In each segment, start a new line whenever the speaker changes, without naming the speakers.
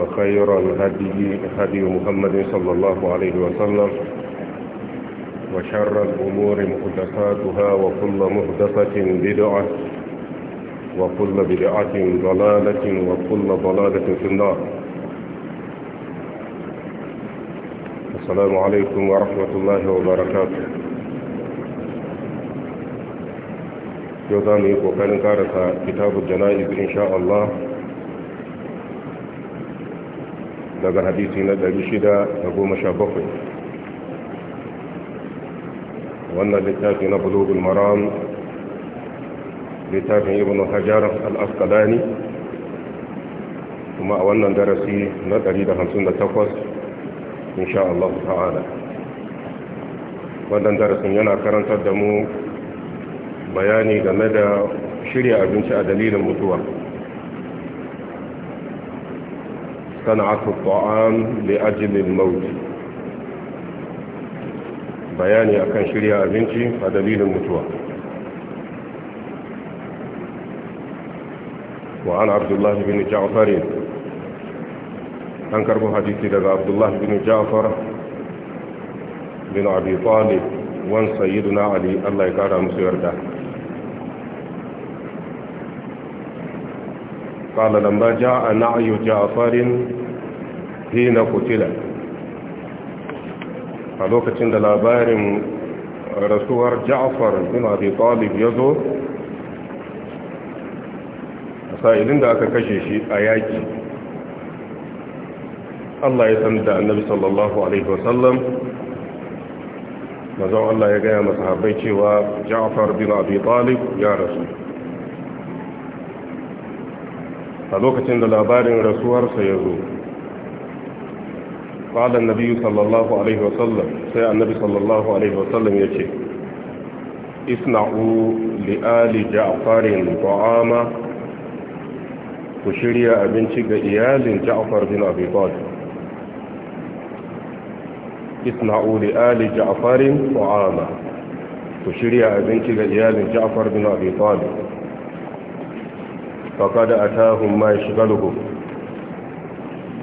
وخير الهدي هدي محمد صلى الله عليه وسلم وشر الأمور محدثاتها وكل محدثة بدعة وكل بدعة ضلالة وكل ضلالة في النار السلام عليكم ورحمة الله وبركاته يوضاني وكان كارثة كتاب الجنائز إن شاء الله daga hadisi na 617 wannan littafi na bulugul maram littafin ibn hajjar al-asqalani kuma a wannan darasi na 158 insha Allah ta'ala wannan darasin yana karantar da mu bayani game da shirya abinci a dalilin mutuwa صنعة الطعام لأجل الموت بياني أكن شريا أبنتي فدليل المتوى وعن عبد الله بن جعفر أنكر حديثي لدى عبد الله بن جعفر بن أبي طالب وان سيدنا علي الله يقارى مسيرته قال لما جاء نعي جعفر حين قتل a lokacin da labarin rasuwar ja'far bin abi ya zo a sa'ilin da aka kashe shi a yaki Allah ya san da annabi sallallahu alaihi wasallam mazan Allah ya gaya masahabai cewa ja'far bin ya rasu a lokacin da labarin rasuwarsa ya zo ƙwalar nabi sallallahu alaihi wasallam sai annabi sallallahu alaihi wasallam ya ce isna'u li'ali ja'farin ta'ama ku shirya abinci ga iyalin ja'far bin abi talib isna'u li'ali ja'farin ta'ama ku shirya abinci ga iyalin ja'far bin abi talib faƙa da a tahun ma shigaluhu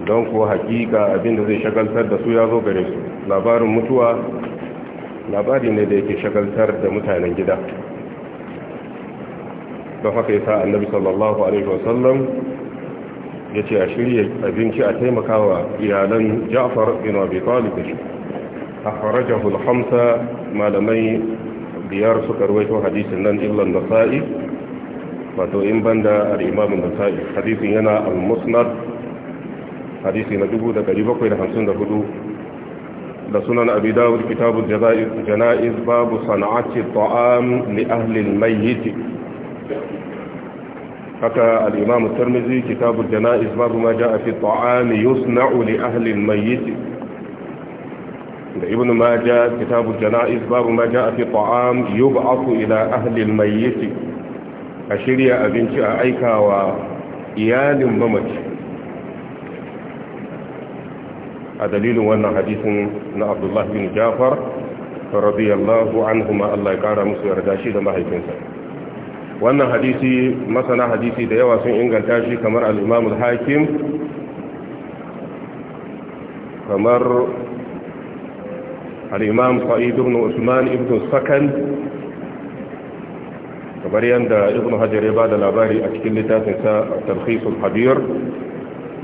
don kuwa hakika abinda zai shagaltar da su ya zo gare su labarin mutuwa labari ne da yake shagaltar da mutanen gida don haka yasa annabi sallallahu alaihi wasallam ya ce a shirya abinci a taimakawa iyalan ja'far bin abi talib a farajahu hamsa malamai biyar suka rawaito hadisin nan illan nasa'i wato in banda al-imam an-nasa'i hadisin yana al-musnad hadisi na 1754 da sunan abi dawud kitab al-janaiz babu sana'ati at-ta'am li ahli al-mayyit haka al-imam at-tirmidhi kitab janaiz babu ma jaa fi at-ta'am yusna'u li ahli al-mayyit da ibn majah kitab janaiz babu ma jaa fi at-ta'am yub'athu ila ahli al-mayyit a shirya abinci a aikawa iyalin mamaci a dalilin wannan hadisin na abdullahi bin jafar radiyallahu anhuma Allah ya kara musu yarda shi da mahaifinsa wannan hadisi masana hadisi da yawa sun inganta shi kamar al-Imam al-Hakim kamar al-Imam ibn Usman ibn Sakan kamar yadda ibn hajar ya ba da labari a cikin littafinsa a tarhisul habir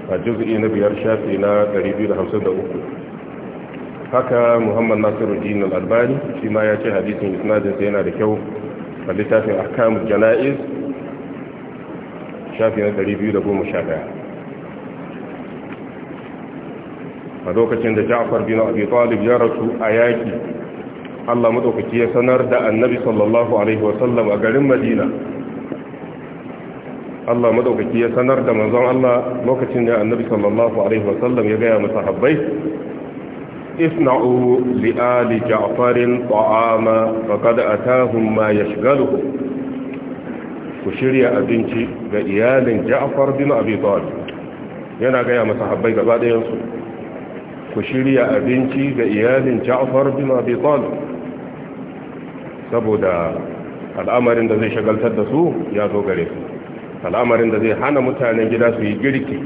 a juz'i na biyar shafi na 253 haka muhammad nasiru jini al'albani shi ma ya ce hadisin isnadinsa yana da kyau a littafin Akam jana'iz shafi na 211 a lokacin da ja'far bin abi talib ya rasu a yaki Allah madaukaki ya sanar da annabi sallallahu alaihi wasallam a garin madina Allah madaukaki ya sanar da manzon Allah lokacin da annabi sallallahu alaihi wasallam ya gaya masa habbai isna'u li ali ja'far ta'ama faqad atahum ma yashghaluhum ku shirya abinci ga iyalin ja'far bin abi talib yana gaya masa habbai gaba ɗayansu ku shirya abinci ga iyalin ja'far bin abi talib saboda al'amarin da zai shagaltar da su ya zo gare su al'amarin da zai hana mutanen gida su yi girki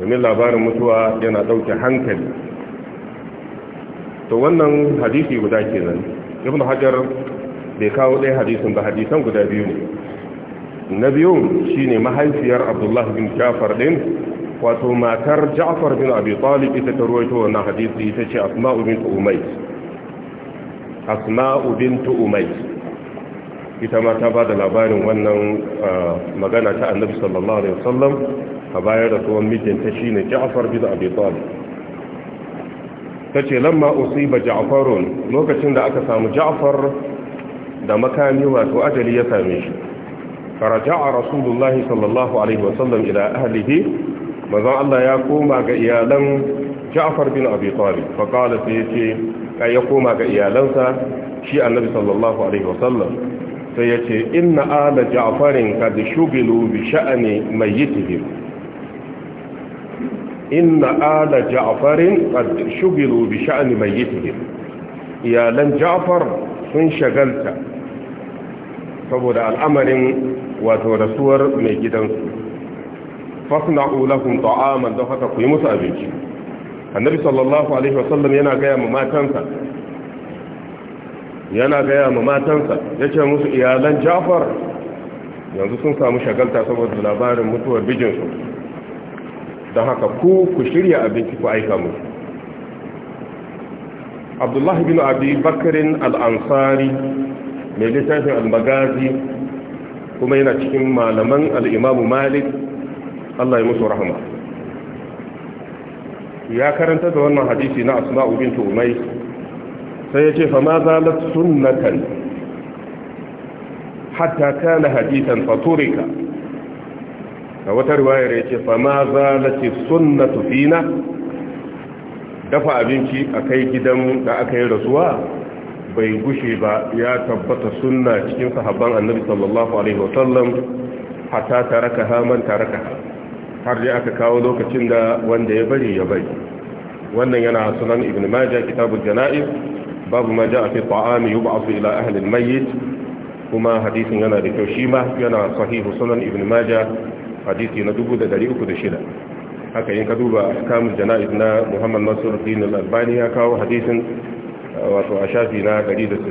domin labarin mutuwa yana ɗauke hankali to wannan hadisi guda ke nan ibn hajar bai kawo ɗaya hadisin ba hadisan guda biyu ne na biyu shi ne mahaifiyar abdullahi bin jafar ɗin wato matar ja'far bin abi talib ita ta ruwaito wannan hadisi ita ce asma'u bin umayt asma'u bintu umay ita ma ta ba da labarin wannan ah, magana ta annabi sallallahu alaihi wasallam a bayan rasuwan mijinta shine Ja'far bin Abi Talib tace lamma usiba Ja'farun lokacin da aka samu Ja'far da makami wato ajali ya same shi faraja'a rasulullahi sallallahu alaihi wasallam ila ahlihi manzon Allah ya koma ga iyalan Ja'far bin Abi Talib fa qala sai yace ya koma ga iyalansa shi annabi sallallahu alaihi wasallam sai ya ce inna ala ja'farin kad shugilu bi sha'ani mayyitihim inna ala ja'farin kad shugilu bi sha'ani mayyitihim iyalan ja'far sun shagalta saboda al'amarin wato rasuwar mai gidansu fasna'u lahum ta'aman don haka ku yi musu abinci annabi sallallahu alaihi wasallam yana gaya ma matansa yana gaya ma matansa ya ce musu iyalan jafar yanzu sun samu shagalta saboda labarin mutuwar bijinsu don haka ku ku shirya abinci ku aika musu abdullahi bin abi bakarin al'ansari mai littafin al-magazi kuma yana cikin malaman al'imamu malik allah ya musu rahama ya karanta da wannan hadisi na asma'u bintu umay sai ya ce fa ma zalat sunnatan hatta kana hadisan faturika a wata riwayar ya ce fa ma zalat sunnatu fina dafa abinci a kai gidan da aka yi rasuwa bai gushe ba ya tabbata sunna cikin sahabban annabi sallallahu alaihi wasallam hatta taraka haman man taraka har dai aka kawo lokacin da wanda ya bari ya bari wannan yana sunan ibn majah kitabul janaiz babu ma ja'a fi ta'ami yub'athu ila ahli al-mayyit kuma hadisin yana da kyau shi ma yana sahihu sunan ibn majah hadisi na 306 haka in ka duba ahkamul janaiz na muhammad nasiruddin al-albani ya kawo hadisin uh, wato a shafi na 167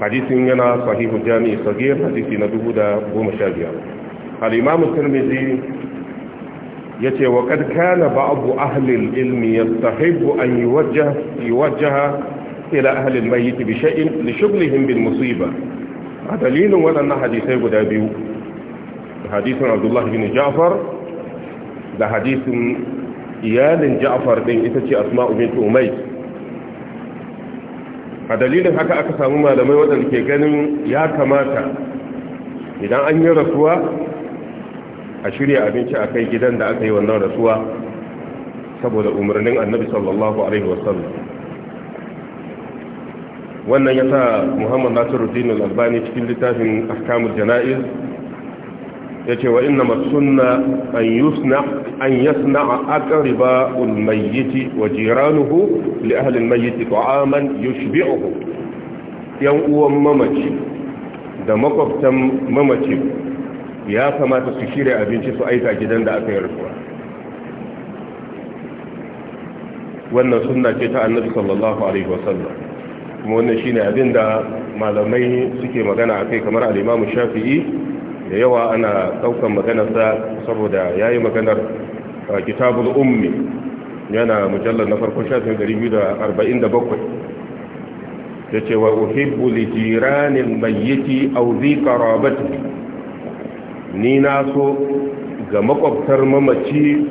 hadisin yana sahihu jami'i sagir hadisi na 2015 al-imam at-tirmidhi Ya ce wa kad ba ba'du ahli al-ilmi yastahibu an yuwajjaha yuwajjaha ila ahli mai mayyit bi shay'in li shughlihim bil musiba a dalilin waɗannan hadisai guda biyu da hadisin abdullahi bin ja'far da hadisin iyalin ja'far din ita ce asma'u bint umayr a dalilin haka aka samu malamai waɗanda ke ganin ya kamata idan an yi rasuwa a shirya abinci a kai gidan da aka yi wannan rasuwa saboda umarnin annabi sallallahu alaihi wasallam wannan ya sa muhammad nasiruddin al-albani cikin littafin ahkamul jana'iz ya ce wa inna masunna an yusna an yasna aqriba al-mayyit wa jiranuhu li ahli al-mayyit ta'aman yushbi'uhu yan uwan mamaci da makwabtan mamaci ya kamata su shirya abinci su aika gidan da aka yi wannan sunna ce ta annabi sallallahu alaihi wasallam kuma wannan shine abin da malamai suke magana akai kamar al Shafi'i da yawa ana ɗaukan maganarsa saboda yayi maganar a kitabul ummi yana mujallar na farko shafin 247 yace wa uhibbu li jiranil mayyiti aw dhi qarabatihi ni na so ga makwabtar mamaci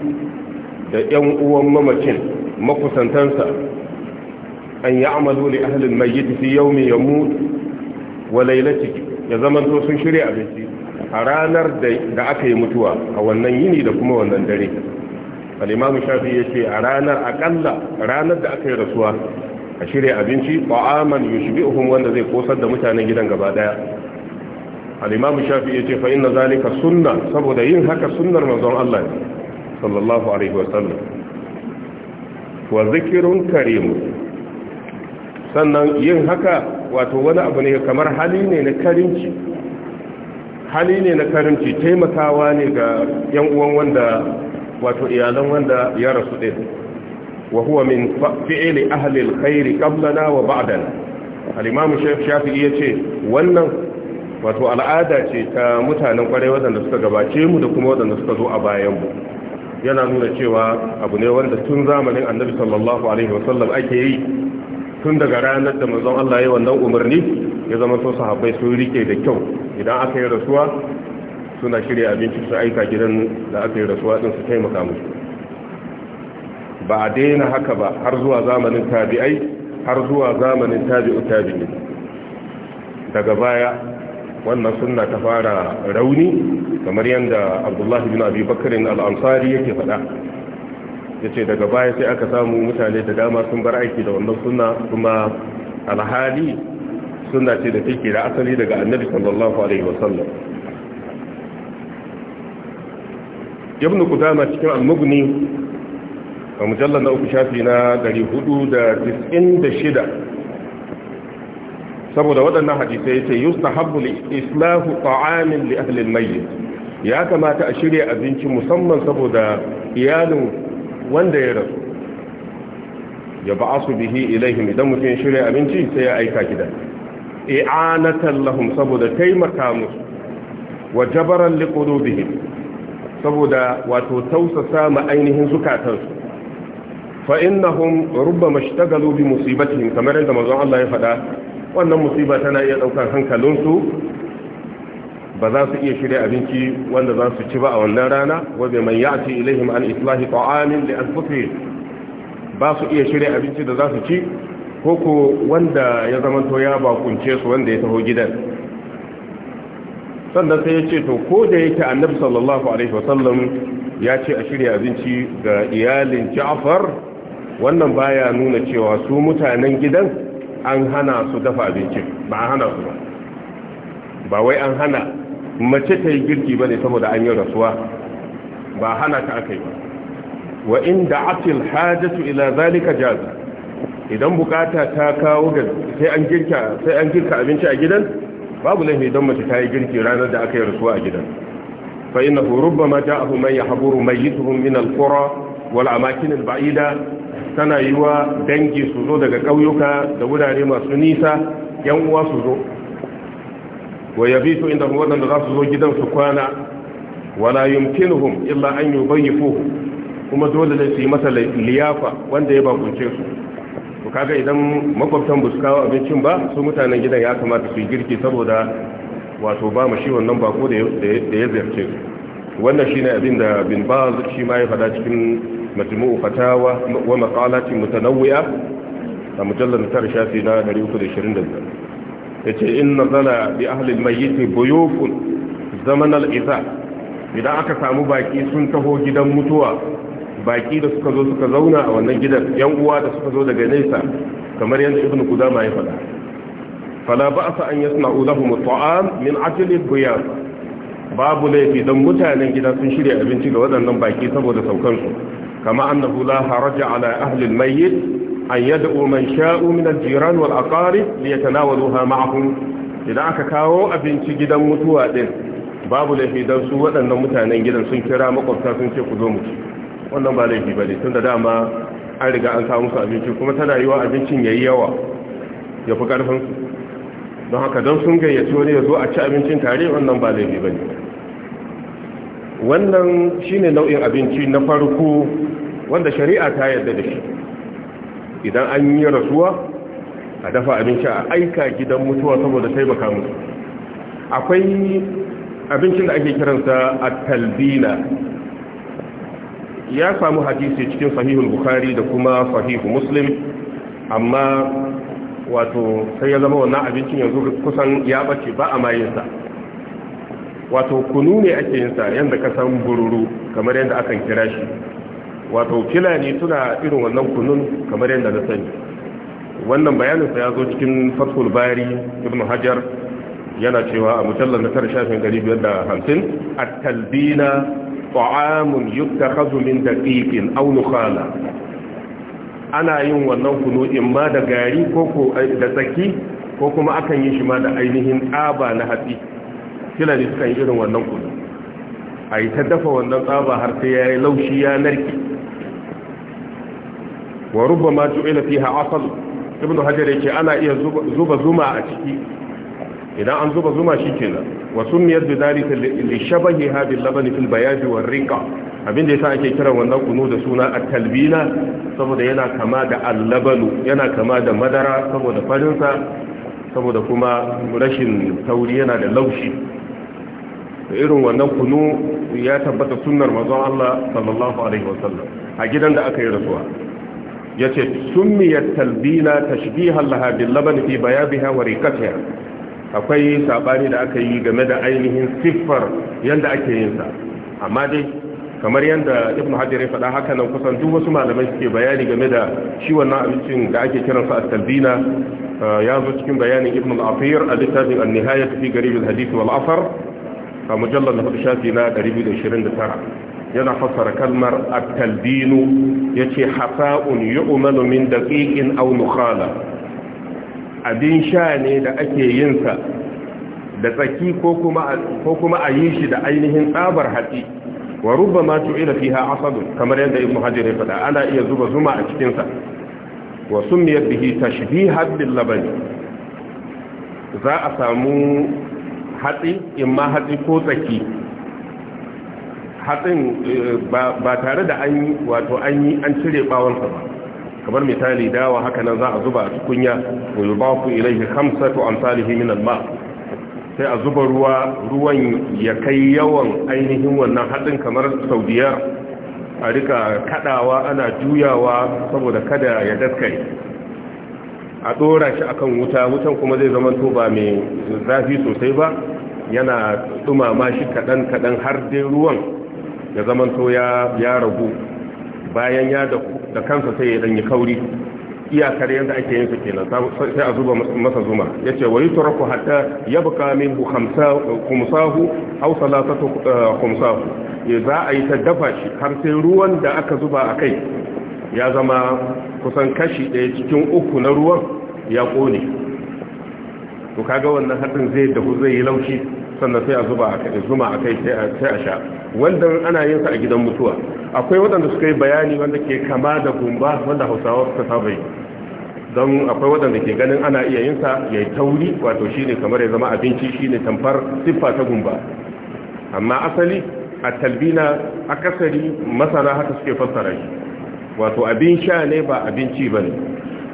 da 'yan uwan mamacin makusantansa an yi amalu li ahalin mai yi fi yau mai yammu wa lailaci ya zamanto sun shirya abinci a ranar da aka yi mutuwa a wannan yini da kuma wannan dare al'imamu shafi ya ce a ranar akalla ranar da aka yi rasuwa a shirya abinci ba'aman yushbi'uhum wanda zai kosar da mutanen gidan gaba daya al-imam shafi'i yace fa inna zalika suna saboda yin haka sunnar manzon Allah ne. sallallahu alaihi wasallam wa zikrun karim sannan yin haka wato wani abu ne kamar hali ne na karimci hali ne na karimci taimakawa ne ga yan uwan wanda wato iyalan wanda ya rasu din wa huwa min fi'li ahli al qablana wa ba'dana al-imam shafi'i yace wannan wato al'ada ce ta mutanen kwarai waɗanda suka gabace mu da kuma waɗanda suka zo a bayan mu yana nuna cewa abu ne wanda tun zamanin annabi sallallahu alaihi wasallam ake yi tun daga ranar da manzon Allah ya wannan umarni ya zama so sahabbai sun rike da kyau idan aka yi rasuwa suna shirya abinci su aika gidan da aka yi rasuwa din su taimaka musu ba a daina haka ba har zuwa zamanin tabi'ai har zuwa zamanin tabi'u tabi'in daga baya wannan sunna ta fara rauni kamar yadda abdullahi bin abi bakarin al'ansari yake faɗa ya ce daga baya sai aka samu mutane da dama sun bar aiki da wannan suna, kuma alhali suna ce da take da asali daga annabi sallallahu alaihi wasallam ibn kudama cikin al-mughni a mujallal na uku shafi na 496 saboda waɗannan hadisai yace yustahabbu islahu ta'amin li ahli al-mayyit ya kamata a shirya abinci musamman saboda iyalin wanda ya rasu ya ba'asu bihi ilaihim idan mutum ya shirya abinci sai ya aika gida i'anatan lahum saboda taimaka musu wa jabaran liqulubihim saboda wato tausasa ma ainihin zukatansu fa innahum rubbama ishtagalu bi musibatihim kamar yadda manzon Allah ya faɗa wannan musiba tana iya daukar hankalinsu ba za su iya shirya abinci wanda za su ci ba a wannan rana wabe man ya ce ilaihim an islahi ta'amin da alfufi ba su iya shirya abinci da za su ci ko wanda ya to ya bakunce su wanda ya taho gidan sannan sai ya ce to ko da yake annabi sallallahu alaihi wasallam ya ce a shirya abinci ga iyalin ja'far wannan baya nuna cewa su mutanen gidan an hana su dafa abincin ba a hana su ba ba wai an hana mace ta yi girki ba ne saboda an yi rasuwa ba hana ta aka yi ba wa inda atil hajatu ila zalika jaza idan bukata ta kawo ga sai an girka abinci a gidan babu laifi idan mace ta yi girki ranar da aka yi rasuwa a gidan fa innahu rubbama ja'ahu mai yi mayyituhum min al-qura wal amakin al-ba'ida tana yi wa dangi su zo daga ƙauyuka da wurare masu nisa yan uwa su zo wa yabi su inda waɗanda za su zo gidan su kwana wala yumkinuhum illa an fuhu kuma dole ne su yi masa liyafa wanda ya bakunce su to kaga idan makwabtan buskawa abincin ba su mutanen gidan ya kamata su yi girki saboda wato ba mu shi wannan bako da ya ziyarce su wannan shine abin da bin baz shi ma ya faɗa cikin majmu'u fatawa wa maqalatin mutanawwi'a a mujallar tara shafi na 325 yace inna zala bi ahli al-mayyit buyufun zaman al-iza idan aka samu baki sun taho gidan mutuwa Baƙi da suka zo suka zauna a wannan gidan yan uwa da suka zo daga nesa kamar yadda ibnu kudama ya faɗa fala ba'sa an yasna'u lahum at'am min ajli al-buyaf babu laifi don mutanen gida sun shirya abinci ga waɗannan baki saboda saukansu كما أنه لا حرج على أهل الميت أن يدعوا من شاء من الجيران والأقارب ليتناولوها معهم إذا أكاكاو أبنتي جدا متواد باب لهي دوسو أن متانا جدا سنكرا مقبتا سنكرا قدومك wannan ba laifi ba ne tun da dama an riga an samu su abinci kuma tana yi wa abincin ya yi yawa ya fi ƙarfinsu don haka don sun gayyaci wani ya zo a ci abincin tare wannan ba laifi ba ne wannan shine nau'in abinci na farko wanda shari'a ta yadda da shi idan an yi rasuwa a dafa abinci a aika gidan mutuwa saboda taimaka musu akwai abincin da ake kiransa a talbina ya samu hadisi cikin sahihul bukhari da kuma sahihu muslim amma wato sai ya zama wannan abincin yanzu kusan ya ɓace ba a mayinsa wato kunu ne ake yin sa yanda ka san bururu kamar yanda akan kira shi wato filani suna irin wannan kunun kamar yanda na sani wannan bayanin sa ya zo cikin fathul bari ibn hajar yana cewa a mujallar na tara shafin gari biyar da hamsin a talbina ta'amun yukta hazu min daƙiƙin aunukhala ana yin wannan kunu in ma da gari ko da tsaki ko kuma akan yi shi ma da ainihin tsaba na hatsi Kila ne suka yi irin wannan kudu a yi ta dafa wannan tsaba har sai ya yi laushi ya narki wa rubba ma ju'ila fiha asal ibnu hajar yake ana iya zuba zuma a ciki idan an zuba zuma shikenan wa da bi dalika li shabahiha bil labani fil bayad wa riqa abinda yasa ake kiran wannan kunu da suna a talbina saboda yana kama da al yana kama da madara saboda farinsa saboda kuma rashin tauri yana da laushi irin wannan kunu ya tabbata sunnar mazan Allah sallallahu alaihi wasallam a gidan da aka yi rasuwa ya ce miyar talbina ta shigi hallaha billaban fi biya wa rikatiya akwai sabani da aka yi game da ainihin siffar yadda ake yinsa amma dai kamar yadda ibn hajar ya faɗa haka nan kusan duk wasu malamai suke bayani game da shi wannan abincin da ake kiransa a talbina ya zo cikin bayanin ibn al-afir a littafin al nihayat fi garib hadith wal a mujallar na hudu shafi na 229 yana fassara kalmar at-talbinu yace hasa'un yu'malu min daqiqin aw nukhala abin sha ne da ake yin sa da tsaki ko kuma ko kuma a yi shi da ainihin tsabar hatsi wa rubbama tu'ila fiha asad kamar yadda ibnu hajar ya faɗa ana iya zuba zuma a cikin sa wa sumiyat bihi tashbihan bil labani za a samu hatsi in ma hatsi ko tsaki hatsin eh, ba tare da an yi wato an yi an cire bawansa ba kamar misali dawa haka nan za a zuba a tukunya wa yubafu ilayhi khamsatu amsalihi min al-ma sai a zuba ruwa ruwan ya kai yawan ainihin wannan hatsin kamar saudiya a rika kadawa ana juyawa saboda kada ya daskai. a ɗora shi akan wuta wutan kuma zai zama to ba mai zafi sosai ba yana tsumama shi kaɗan kaɗan har dai ruwan ya zama to ya ragu bayan ya da kansa sai ya danyi kauri iyakar yadda ake yin su kenan sai a zuba masa zuma ya ce wa yi turaku hatta eh, ya buka min kumsahu au salatatu kumsahu za a yi ta dafa shi har sai ruwan da aka zuba a kai ya zama kusan kashi ɗaya cikin uku na ruwan ya ƙone to kaga wannan haɗin zai dahu zai yi laushi sannan sai a zuba a kai zuma a kai sai a sha wanda ana yin sa a gidan mutuwa akwai waɗanda suka yi bayani wanda ke kama da gumba wanda hausawa suka saba yi don akwai waɗanda ke ganin ana iya yin sa ya yi tauri wato shine kamar ya zama abinci shine tamfar siffa ta gumba amma asali a talbina akasari masana haka suke fassara shi wato abin sha ne ba abinci ba ne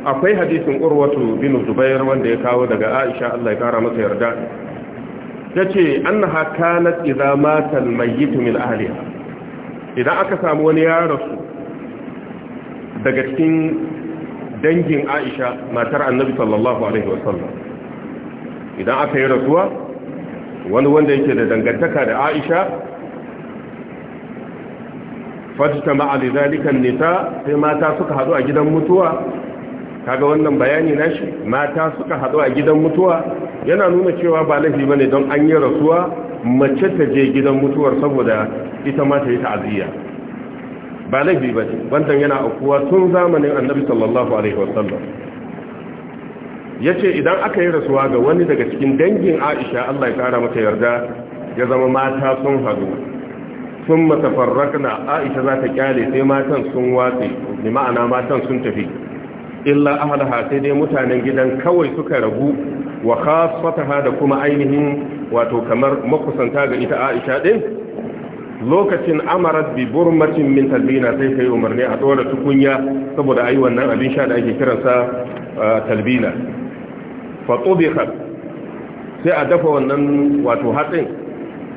akwai hadisin urwatu bin zubair wanda ya kawo daga aisha allah ya kara masa yarda ta ce annaha kanat idza mata almayyit min ahliha idan aka samu wani ya rasu daga cikin dangin aisha matar annabi sallallahu alaihi wasallam idan aka yi rasuwa wani wanda yake da dangantaka da aisha fajita ma'ali zalikan nisa sai mata suka hadu a gidan mutuwa kaga wannan bayani nashi mata suka hadu a gidan mutuwa yana nuna cewa ba laifi bane don an yi rasuwa mace ta je gidan mutuwar saboda ita ma ta yi ta'aziyya ba laifi bane wannan yana aukuwa tun zamanin annabi sallallahu alaihi wasallam yace idan aka yi rasuwa ga wani daga cikin dangin Aisha Allah ya kara mata yarda ya zama mata sun hadu sun matafarrakna aisha za ta kyale sai matan sun watse da ma'ana matan sun tafi illa ahalaha sai dai mutanen gidan kawai suka ragu wa khasfataha da kuma ainihin wato kamar makusanta ga ita aisha din lokacin amarat bi burmatin min talbina sai kai umarni a tsora tukunya saboda ayi wannan abin sha da ake kiransa talbina fa tubiha sai a dafa wannan wato hatsin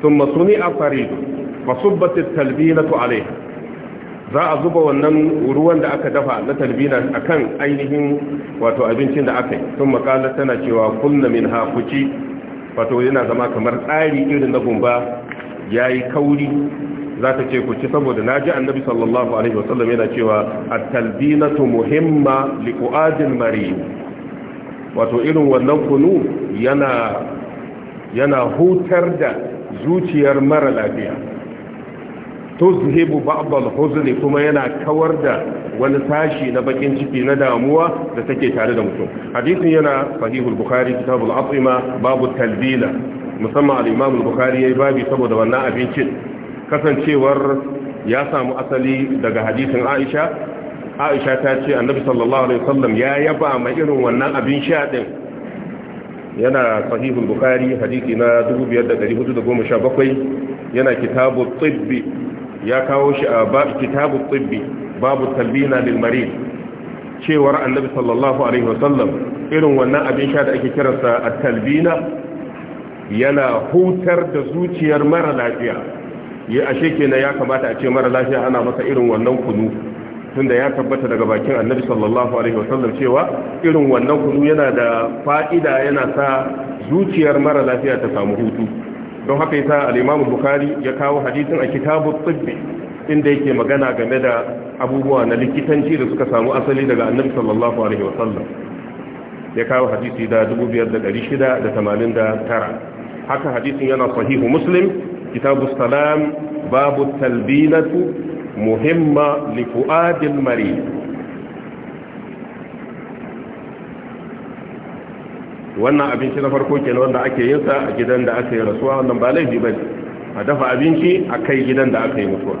thumma suni afaridu fasubbatit talbinatu alayha za a zuba wannan ruwan da aka dafa na talbina akan ainihin wato abincin da aka yi sun makala tana cewa kunna min hakuci wato yana zama kamar tsari irin na gumba yayi kauri za ta ce kuci saboda na ji annabi sallallahu alaihi wasallam yana cewa at-talbinatu muhimma liqu'adil mari wato irin wannan kunu yana hutar da zuciyar mara lafiya tuzhibu ba'd al-huzn kuma yana kawar da wani sashi na bakin ciki na damuwa da take tare da mutum hadisin yana sahih al-bukhari kitab al babu talbila musamman al-imam al-bukhari yayi babu saboda wannan abincin kasancewar ya samu asali daga hadisin Aisha Aisha ta ce annabi sallallahu alaihi wasallam ya yaba ma irin wannan abin sha din yana sahih al-bukhari hadisi na 2417 yana kitabu tsibbi. ya kawo shi a kitabu tsibbi babu talbina lilmarin cewar annabi sallallahu alaihi wasallam irin wannan abin sha da ake kiransa a talbina yana hutar da zuciyar mara lafiya ya ashe kenan ya kamata a ce mara lafiya ana masa irin wannan kunu tunda ya tabbata daga bakin annabi sallallahu alaihi wasallam cewa irin wannan kunu yana da fa'ida yana sa zuciyar mara lafiya ta samu hutu don haka yasa al-Imam Bukhari ya kawo hadisin a kitabu tibbi inda yake magana game da abubuwa na likitanci da suka samu asali daga Annabi sallallahu alaihi wasallam ya kawo hadisi da 2689 haka hadisin yana sahihu Muslim kitabu salam babu talbinatu muhimma li fuadil marid wannan abinci na farko ke wanda ake yin sa a gidan da aka yi rasuwa wannan ba laifi bane a dafa abinci a kai gidan da aka yi mutuwa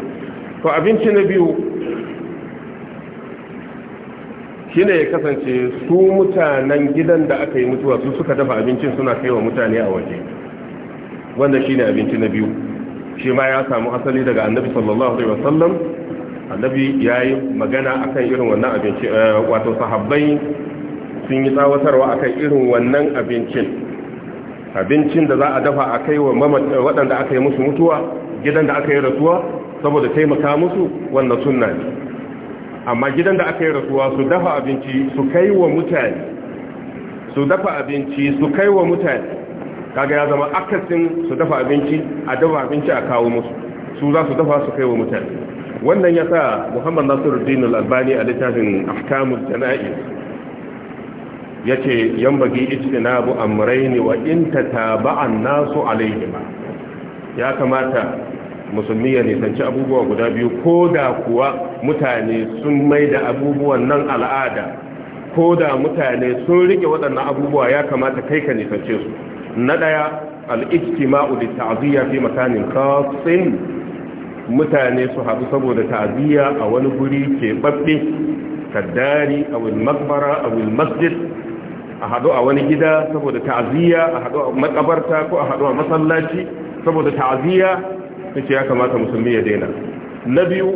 to abinci na biyu shine ya kasance su mutanen gidan da aka yi mutuwa su suka dafa abincin suna kai wa mutane a waje wanda shine abinci na biyu shi ma ya samu asali daga annabi sallallahu alaihi wasallam annabi yayi magana akan irin wannan abinci eh, wato sahabbai sun yi tsawatarwa akan irin wannan abincin abincin da za a dafa a kai wa waɗanda aka yi musu mutuwa gidan da aka yi rasuwa saboda taimaka musu wannan suna ne amma gidan da aka yi rasuwa su dafa abinci su kai wa mutane su dafa abinci su kai wa mutane kaga ya zama akasin su dafa abinci a dafa abinci a kawo musu su za su dafa su kai wa mutane wannan ya sa muhammad nasiruddin al-albani a littafin ahkamul jana'iz yace yambagi istinabu amrayni wa in tataba'an nasu alaihima ya kamata musulmi ya nisanci abubuwa guda biyu ko da kuwa mutane sun maida abubuwan nan al'ada ko da mutane sun rike waɗannan abubuwa ya kamata kai ka nisance su na ɗaya al'ijtima'u da ta'aziyya fi makanin kafin mutane su haɗu saboda ta'aziyya a wani guri ke babbe kaddari a wil makbara a masjid a haɗu a wani gida saboda ta'aziyya a haɗu a makabarta ko a haɗu a masallaci saboda ta'aziyya ce ya kamata musulmi ya daina na biyu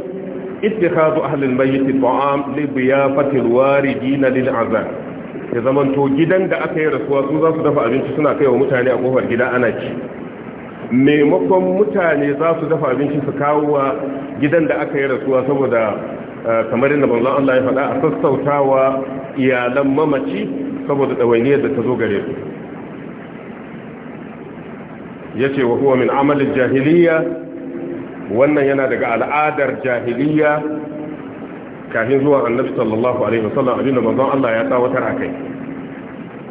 ittikhadu ahli al-mayyit ta'am li biyafati al-waridin lil'azab ya zamanto gidan da aka yi rasuwa su za su dafa abinci suna kai wa mutane a kofar gida ana ci maimakon mutane za su dafa abinci su kawo wa gidan da aka yi rasuwa saboda Eh, kamar yadda manzon Allah ya faɗa a sassautawa iyalan mamaci saboda ɗawainiyar da ta zo gare su ya ce wa huwa min amalin jahiliya wannan yana daga al'adar jahiliya kafin zuwa annabi sallallahu alaihi wasallam abin da manzon Allah ya tsawatar a kai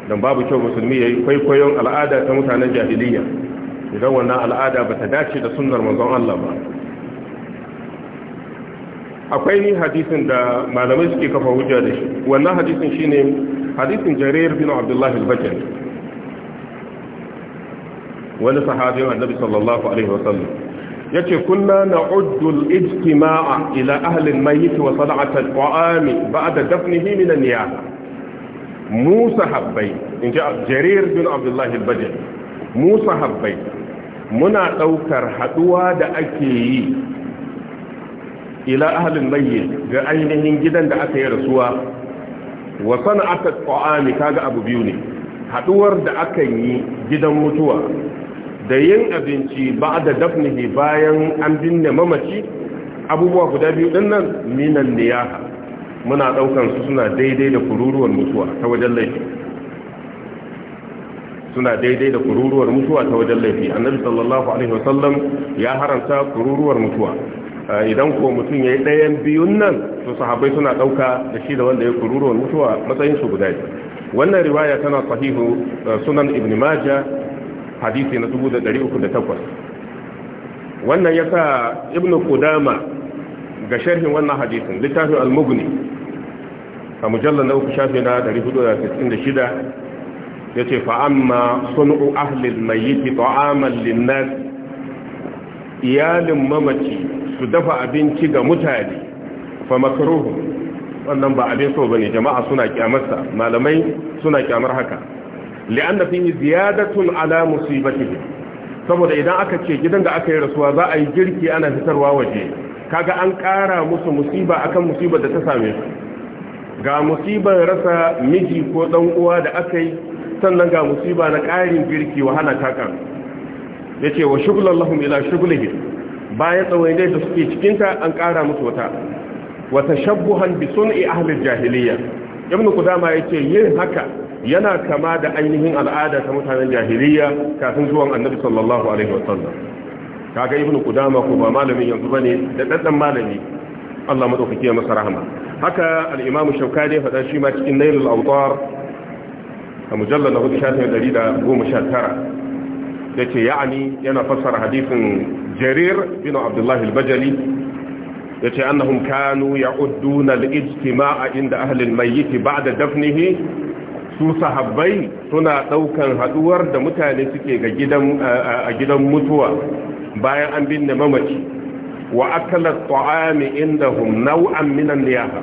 don babu kyau musulmi ya yi kwaikwayon al'ada ta mutanen jahiliya idan wannan al'ada ba ta dace da sunnar manzon Allah ba akwai hadisin da malamai suke kafa hujja da shi wannan hadisin shine hadisin jarir bin abdullah al-bajali wani sahabin annabi sallallahu alaihi wasallam yace kunna na'uddu al-ijtima'a ila ahli al-mayyit wa sad'at al-qa'am ba'da dafnihi min an-niyah mu sahabbai inji jarir bin abdullah al-bajali mu sahabbai muna daukar haduwa da ake yi ila ahalin mayyit ga ainihin gidan da aka yi rasuwa wa sana'at ta'ami kaga abu biyu ne haduwar da aka yi gidan mutuwa da yin abinci ba da dafnihi bayan an binne mamaci abubuwa guda biyu din nan minan niyaha muna daukan su suna daidai da kururuwar mutuwa ta wajen laifi suna daidai da kururuwar mutuwa ta wajen laifi annabi sallallahu alaihi wasallam ya haranta kururuwar mutuwa idan ko mutum ya yi ɗayan biyun nan su sahabbai suna ɗauka da shi da wanda ya kururuwan mutuwa matsayin su guda wannan riwaya tana sahihu eh, sunan ibn majah hadisi na 308 wannan ya sa ibn Kudama ga sharhin wannan hadisin littafin al-mughni a mujallar na uku shafi na 466 ya ce fa'amma sun'u ahlil mayyiti ta'aman linnas iyalin mamaci su dafa abinci ga mutane fa makruhu wannan ba abin so bane jama'a suna kyamarsa malamai suna kyamar haka li'anna fihi ziyadatun ala musibatihi saboda idan aka ce gidan da aka yi rasuwa za a yi girki ana fitarwa waje kaga an ƙara musu musiba akan musibar da ta same su ga musibar rasa miji ko dan uwa da aka yi sannan ga musiba na ƙarin girki wahala ta kan yace wa shughlallahu ila shughlihi bayan dai da suke cikinta an ƙara musu wata wata shabbuhan bi sun'i ahlul jahiliya ibn kudama yace yin haka yana kama da ainihin al'ada ta mutanen jahiliya kafin zuwan annabi sallallahu alaihi wasallam kaga ibn kudama ko ba malamin yanzu bane da daddan malami Allah madaukake ya masa rahama haka al-imam shaukani ya faɗa shi ma cikin nailul awtar a mujallal na 1919 yace ya'ani yana fassara hadisin jarir bin abdullahi al-bajali yace annahum kanu ya'udduna al-ijtima'a inda ahli al-mayyit ba'da dafnihi su sahabbai suna daukan haduwar da mutane suke ga gidan a gidan mutuwa bayan an binne mamaci wa akala at-ta'ami indahum naw'an min al niyaha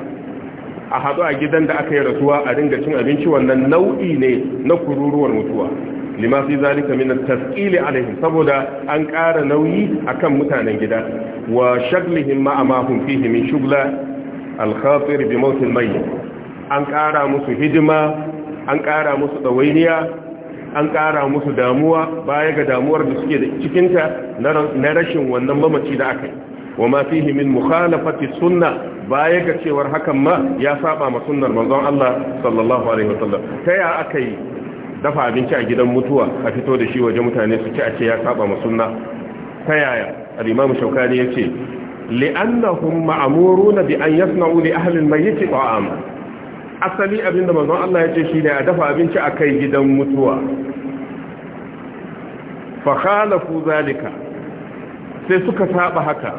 a hadu a gidan da aka yi rasuwa a dinga cin abinci wannan nau'i ne na kururuwar mutuwa lima fi zalika min at-tasqil alaihim saboda an ƙara nauyi akan mutanen gida wa shaglihim ma ma hum fihi min shughla al-khatir bi mawt al-mayyit an ƙara musu hidima an ƙara musu dawainiya an ƙara musu damuwa baya ga damuwar da suke da cikinta na rashin wannan mamaci da aka yi wa ma fihi min mukhalafati sunna baya ga cewar hakan ma ya saba ma sunnar manzon Allah sallallahu alaihi wasallam ta ya aka yi dafa abinci a gidan mutuwa a fito da shi waje mutane su ci a ce ya saba ma ta yaya al-imam shaukani yace li'annahum ma'muruna bi an yasna'u li ahli al a ta'am asali abinda manzon Allah ce shi ne a dafa abinci a kai gidan mutuwa fa khalafu zalika sai suka saba haka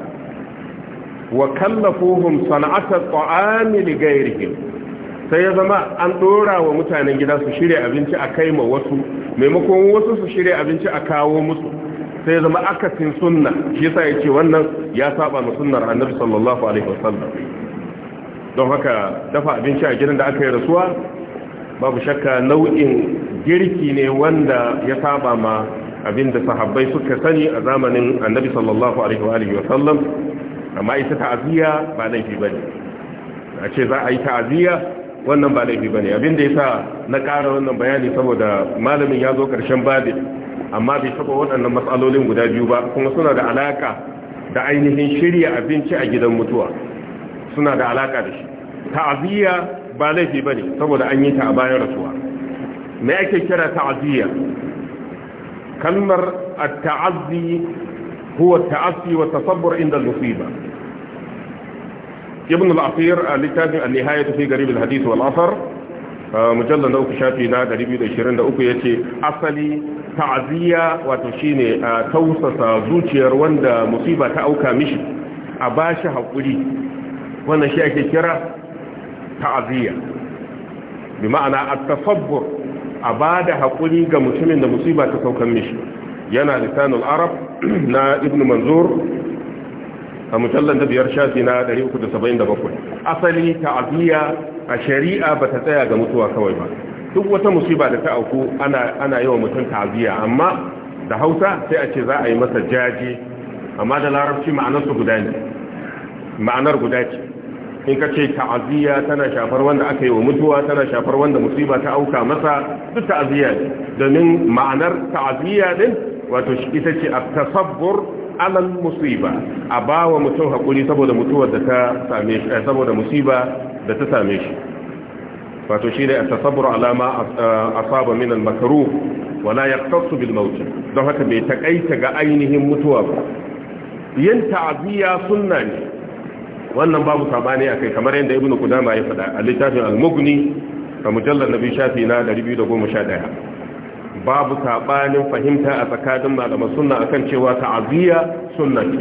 wa kallafuhum sana'ata ta'ami li ghayrihim sai ya zama an dora wa mutanen gida su shirya abinci a kai ma wasu maimakon wasu su shirya abinci a kawo musu sai ya zama akasin sunna shi yasa ya ce wannan ya saba ma sunnar annabi sallallahu alaihi wasallam don haka dafa abinci a gidan da aka yi rasuwa babu shakka nau'in girki ne wanda ya saba ma abinda sahabbai suka sani a zamanin annabi sallallahu alaihi wasallam amma ita ta'aziyya ba laifi bane a ce za a yi ta'aziyya wannan ba laifi ne abin da ya sa na ƙara wannan bayani saboda malamin ya zo ƙarshen babin amma bai taɓa waɗannan matsalolin guda biyu ba kuma suna da alaƙa da ainihin shirya abinci a gidan mutuwa suna da alaka da shi ta'aziyya ba laifi bane saboda an yi ta a bayan rasuwa me ake kira ta'aziyya kalmar at-ta'azzi huwa at-ta'assi wa tasabbur inda al-musiba ibn al-afir a littafin an-nihayatu fi garib al-hadith wal athar mujallal na uku shafi na 223 yace asali ta'aziyya wato shine tausasa zuciyar wanda musiba ta auka mishi a bashi hakuri wannan shi ake kira ta'ziya bi ma'ana at-tasabbur a bada hakuri ga mutumin da musiba ta saukan mishi yana lisanul arab na ibn manzur a mujallar da biyar shafi na 377 asali ta'aziyya a shari'a ba ta tsaya ga mutuwa kawai ba duk wata musiba da ta auku ana ana wa mutum ta'aziyya amma da Hausa sai a ce za a yi masa jaji amma da larabci ma'anar su guda ne ma'anar guda ce in ka ce ta'aziyya tana shafar wanda aka yi wa mutuwa tana shafar wanda musiba ta auka masa duk ta'aziyya domin ma'anar ta'aziyya din wato ita ce a tasabbur alal musiba a bawa mutum hakuri saboda mutuwar da ta same shi eh, saboda musiba da ta same shi wato shine at-tasabbur ala ma eh, asaba min al-makruh wala yaqtasu bil maut don haka bai takaita ga ainihin mutuwa ba yin ta'ziya sunna ne wannan babu sabani akai kamar yadda ibnu qudama ya faɗa a littafin al-mughni fa mujallal nabi shafi na 211 babu sabanin fahimta a tsakanin malaman sunna akan cewa ta'aziyya sunna ne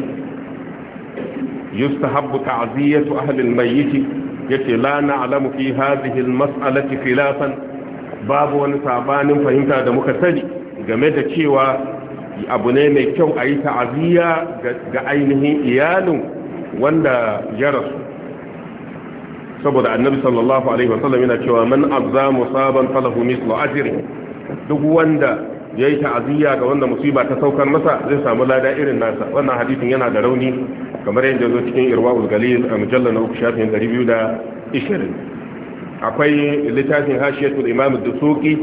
yustahabbu ta'ziyatu ahli al-mayyit yace la na'lamu fi hadhihi al-mas'alati babu wani sabanin fahimta da muka sani game da cewa abu ne mai kyau a yi ta'aziyya ga ainihin iyalin wanda ya rasu saboda annabi sallallahu alaihi wasallam yana cewa man azza musaban falahu mislu ajrihi duk wanda ya yi ta'aziyya ga wanda musiba ta saukar masa zai samu lada irin nasa wannan hadisin yana da rauni kamar yadda zo cikin irwaul galil a mujallar na uku shafin ishirin akwai littafin hashiyatul imam dusuki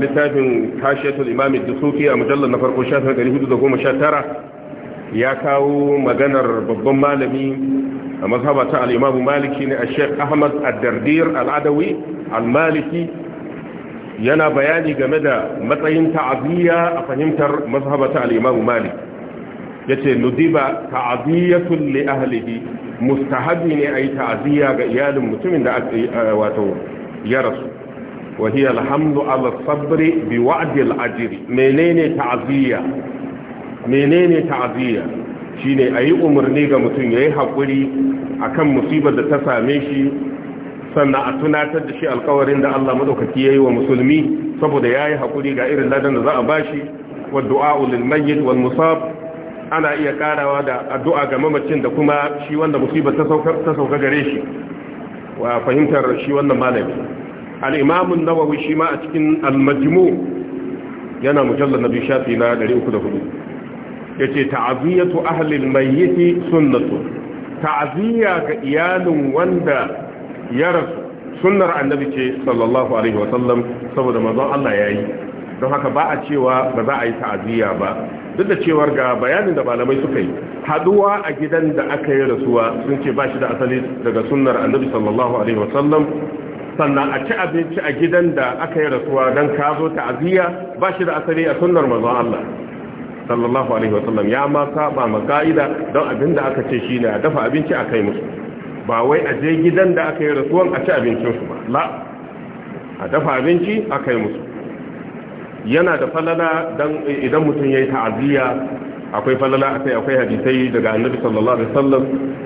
littafin hashiyatul imam dusuki a mujallar na farko shafin da tara ya kawo maganar babban malami a mazhaba ta maliki ne a sheik ahmad addardir al'adawi almaliki yana bayani game da matsayin ta'aziyya a fahimtar mazhaba ta al'imamu maliki ya ce nudiba ta'aziyyatun li mustahabi ne a yi ta'aziyya ga iyalin mutumin da eh, wato ya rasu وهي الحمد على الصبر بوعد الأجر منين تعزية منين تعزية shine a yi umarni ga mutum ya yi haƙuri a kan musibar da ta same shi sannan a tunatar da shi alkawarin da Allah maɗaukaki ya yi wa musulmi saboda ya yi haƙuri ga irin ladan da za a ba shi wa du'a lil wal musab ana iya karawa da addu'a ga mamacin da kuma shi wanda musibar ta sauka gare shi wa fahimtar shi wannan malami al-imam nawawi shi ma a cikin almajimu yana yana na nabi shafi na 304 yace ta'ziyatu ahli mai mayyit sunnatu ta'aziyya ga iyalin wanda ya rasu sunnar annabi ce sallallahu alaihi wa sallam saboda manzon Allah yayi don haka ba a cewa ba za a yi ta'aziyya ba duk da cewar ga bayanin da malamai suka yi haduwa a gidan da aka yi rasuwa sun ce ba shi da asali daga sunnar annabi sallallahu alaihi wa sallam sannan a ci abinci a gidan da aka yi rasuwa don ka zo ta'aziyya ba shi da asali a sunnar manzon Allah sallallahu alaihi wasallam ya ma saba ma ka'ida don abinda aka ce shi ne a dafa abinci a kai musu ba wai a je gidan da aka yi rasuwan a ci abincin su ba la a dafa abinci a kai musu yana da falala don idan mutum ya yi ta'aziyya akwai falala akai akwai hadisai daga annabi sallallahu alaihi wasallam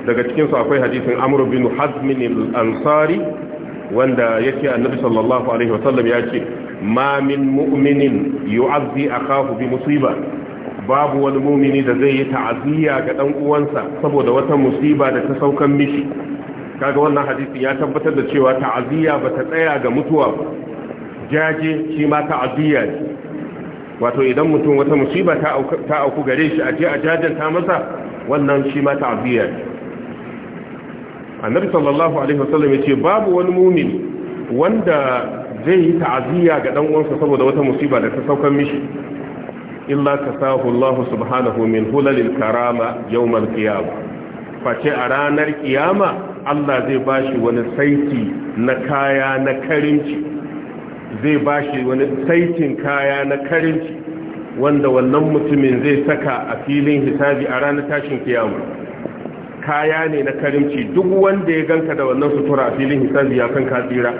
daga cikin su akwai hadisin amr bin hazm al-ansari wanda yake annabi sallallahu alaihi wasallam ya ce ma min mu'minin yu'azzi akahu bi musiba babu wani mumini da zai yi ta'aziyya ga dan uwansa saboda wata musiba da ta saukan mishi kaga wannan hadisi ya tabbatar da cewa ta'aziyya bata tsaya ga mutuwa ba jaje shi ma ta'aziyya ne wato idan mutum wata musiba ta auku gare shi a je ta masa wannan shi ma ta'aziyya ne annabi sallallahu alaihi wasallam ya ce babu wani mumini wanda zai yi ta'aziyya ga dan uwansa saboda wata musiba da ta saukan mishi illa ka sahu Allah subhanahu min hulalil karama yawmal qiyamah face a ranar kiyama Allah zai bashi wani saiti na kaya na karinci zai bashi wani saitin kaya na karinci wanda wannan mutumin zai saka a filin hisabi a ranar tashin kiyama kaya ne na karimci duk wanda ya ganka da wannan sutura a filin hisabi ya san ka tsira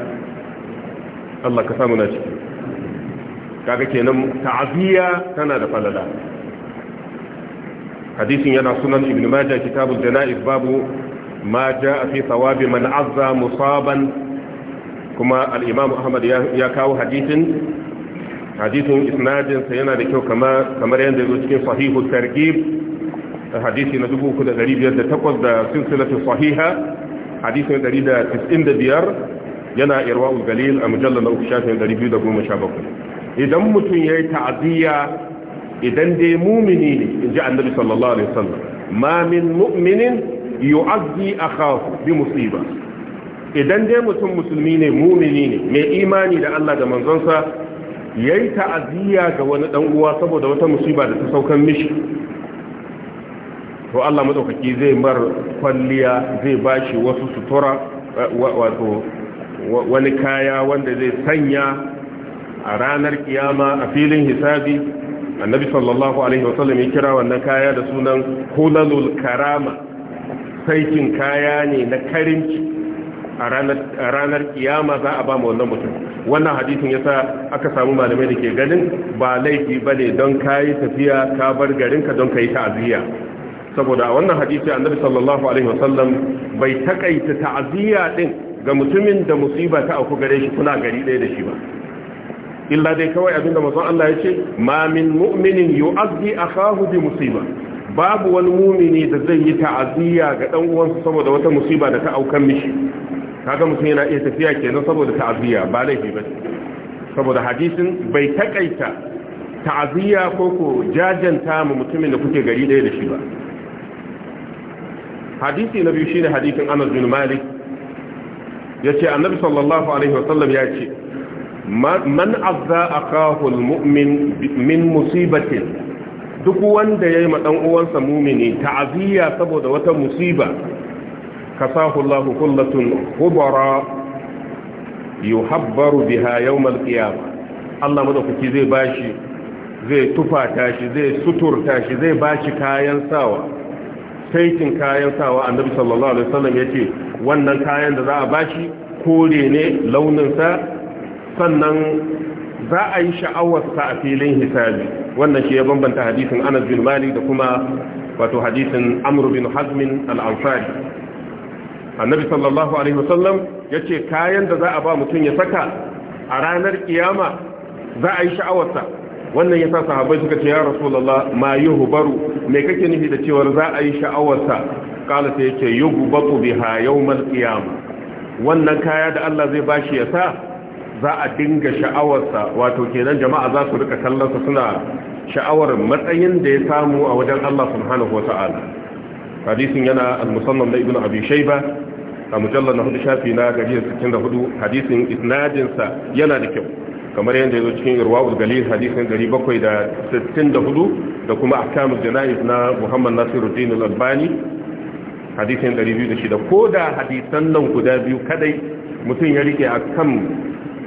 Allah ka samu na ciki kaga kenan ta'ziya tana da falala hadisin yana sunan ibn majah kitabul janaiz babu ma jaa fi thawabi man azza musaban kuma al-imam ahmad ya kawo hadisin hadisin isnadin sa yana da kyau kamar kamar yanda yake cikin sahihu targhib hadisi na 3508 da silsilatu sahiha hadisin 195 yana irwaul galil a mujallal 3 shafin 217 idan mutum ya yi ta'aziyya idan dai mumini ne in ji annabi sallallahu alaihi wasallam ma min mu'minin yu'azzi akhahu bi musiba idan dai mutum musulmi ne mumini ne mai imani da Allah da manzonsa yayi ta'aziyya ga wani dan uwa saboda wata musiba da ta saukan mishi to Allah madaukaki zai bar kwalliya zai bashi wasu sutura wato wani kaya wanda zai sanya a ranar kiyama a filin hisabi annabi sallallahu alaihi wasallam ya kira wannan kaya da sunan hulalul karama saikin kaya ne na karinci a ranar kiyama za a ba mu wannan mutum wannan hadisin yasa aka samu malamai da ke ganin ba laifi ba ne don kayi tafiya ka bar garinka don kayi ta'aziyya saboda a wannan hadisi annabi sallallahu alaihi wasallam bai takaita ta'aziyya din ga mutumin da musiba ta auku gare shi kuna gari ɗaya da shi ba illa dai kawai abinda manzon Allah ya ce ma min mu'minin a akahu bi musiba babu wani mumini da zai yi ta'aziyya ga dan uwansu saboda wata musiba da ta aukan mishi kaga mutum yana iya tafiya kenan saboda ta'aziyya ba laifi ba saboda hadisin bai takaita ta'aziyya ko ko jajanta mu mutumin da kuke gari daya da shi ba hadisi na biyu shine hadisin Anas bin Malik yace annabi sallallahu alaihi wasallam ya ce man azza akahu almu'min min musibatin duk wanda yayi ma dan uwansa mumini ta'ziya saboda wata musiba kasahu Allahu kullatun hubara yuhabbaru biha yawmal qiyamah Allah madaukaki zai bashi zai tufata shi zai suturta shi zai bashi kayan sawa
saitin kayan sawa annabi sallallahu alaihi wasallam yace wannan kayan da za a
bashi kore ne launin sa sannan za a yi sha'awarsa a filin hisabi wannan shi ya bambanta hadisin anas bin malik da kuma wato hadisin amr bin hazmin al-ansari annabi sallallahu alaihi wasallam yace kayan da za a ba mutum ya saka a ranar kiyama za a yi sha'awarsa wannan yasa sahabbai suka ce ya rasulullah ma yuhbaru me kake nufi da cewa za a yi sha'awarsa kala sai yake yughbatu biha yawmal qiyam wannan kaya da Allah zai bashi ya sa za a dinga sha'awarsa wato kenan jama'a za su rika kallonsa suna sha'awar matsayin da ya samu a wajen Allah subhanahu wa ta'ala hadisin yana al-musannam da ibnu abi shayba a mujallal na hudu shafi na gari 64 hadisin isnadin sa yana da kyau kamar yadda yazo cikin irwaul galil hadisin 764 da kuma ahkamul janaiz na Muhammad Nasiruddin al-Albani hadisin ko koda hadisan nan guda biyu kadai mutum ya rike akan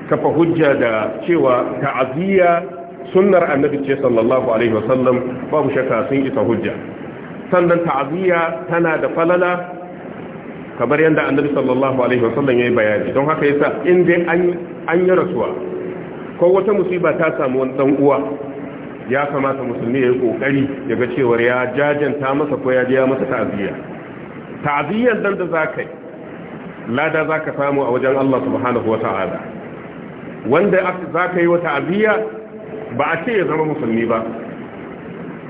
kafa hujja da cewa ta'aziyya sunnar annabi ce sallallahu alaihi wasallam babu shakka sun isa hujja sannan ta'aziyya tana da falala kamar yadda annabi sallallahu alaihi wasallam yayi bayani don haka yasa in dai an an yi rasuwa ko wata musiba ta samu wani dan uwa ya kamata musulmi ya yi kokari ga cewa ya jajanta masa ko ya jiya masa ta'aziyya ta'aziyyar dan da zakai lada zaka samu a wajen Allah subhanahu wata'ala wanda za ka yi wata abiya ba a ce ya zama musulmi ba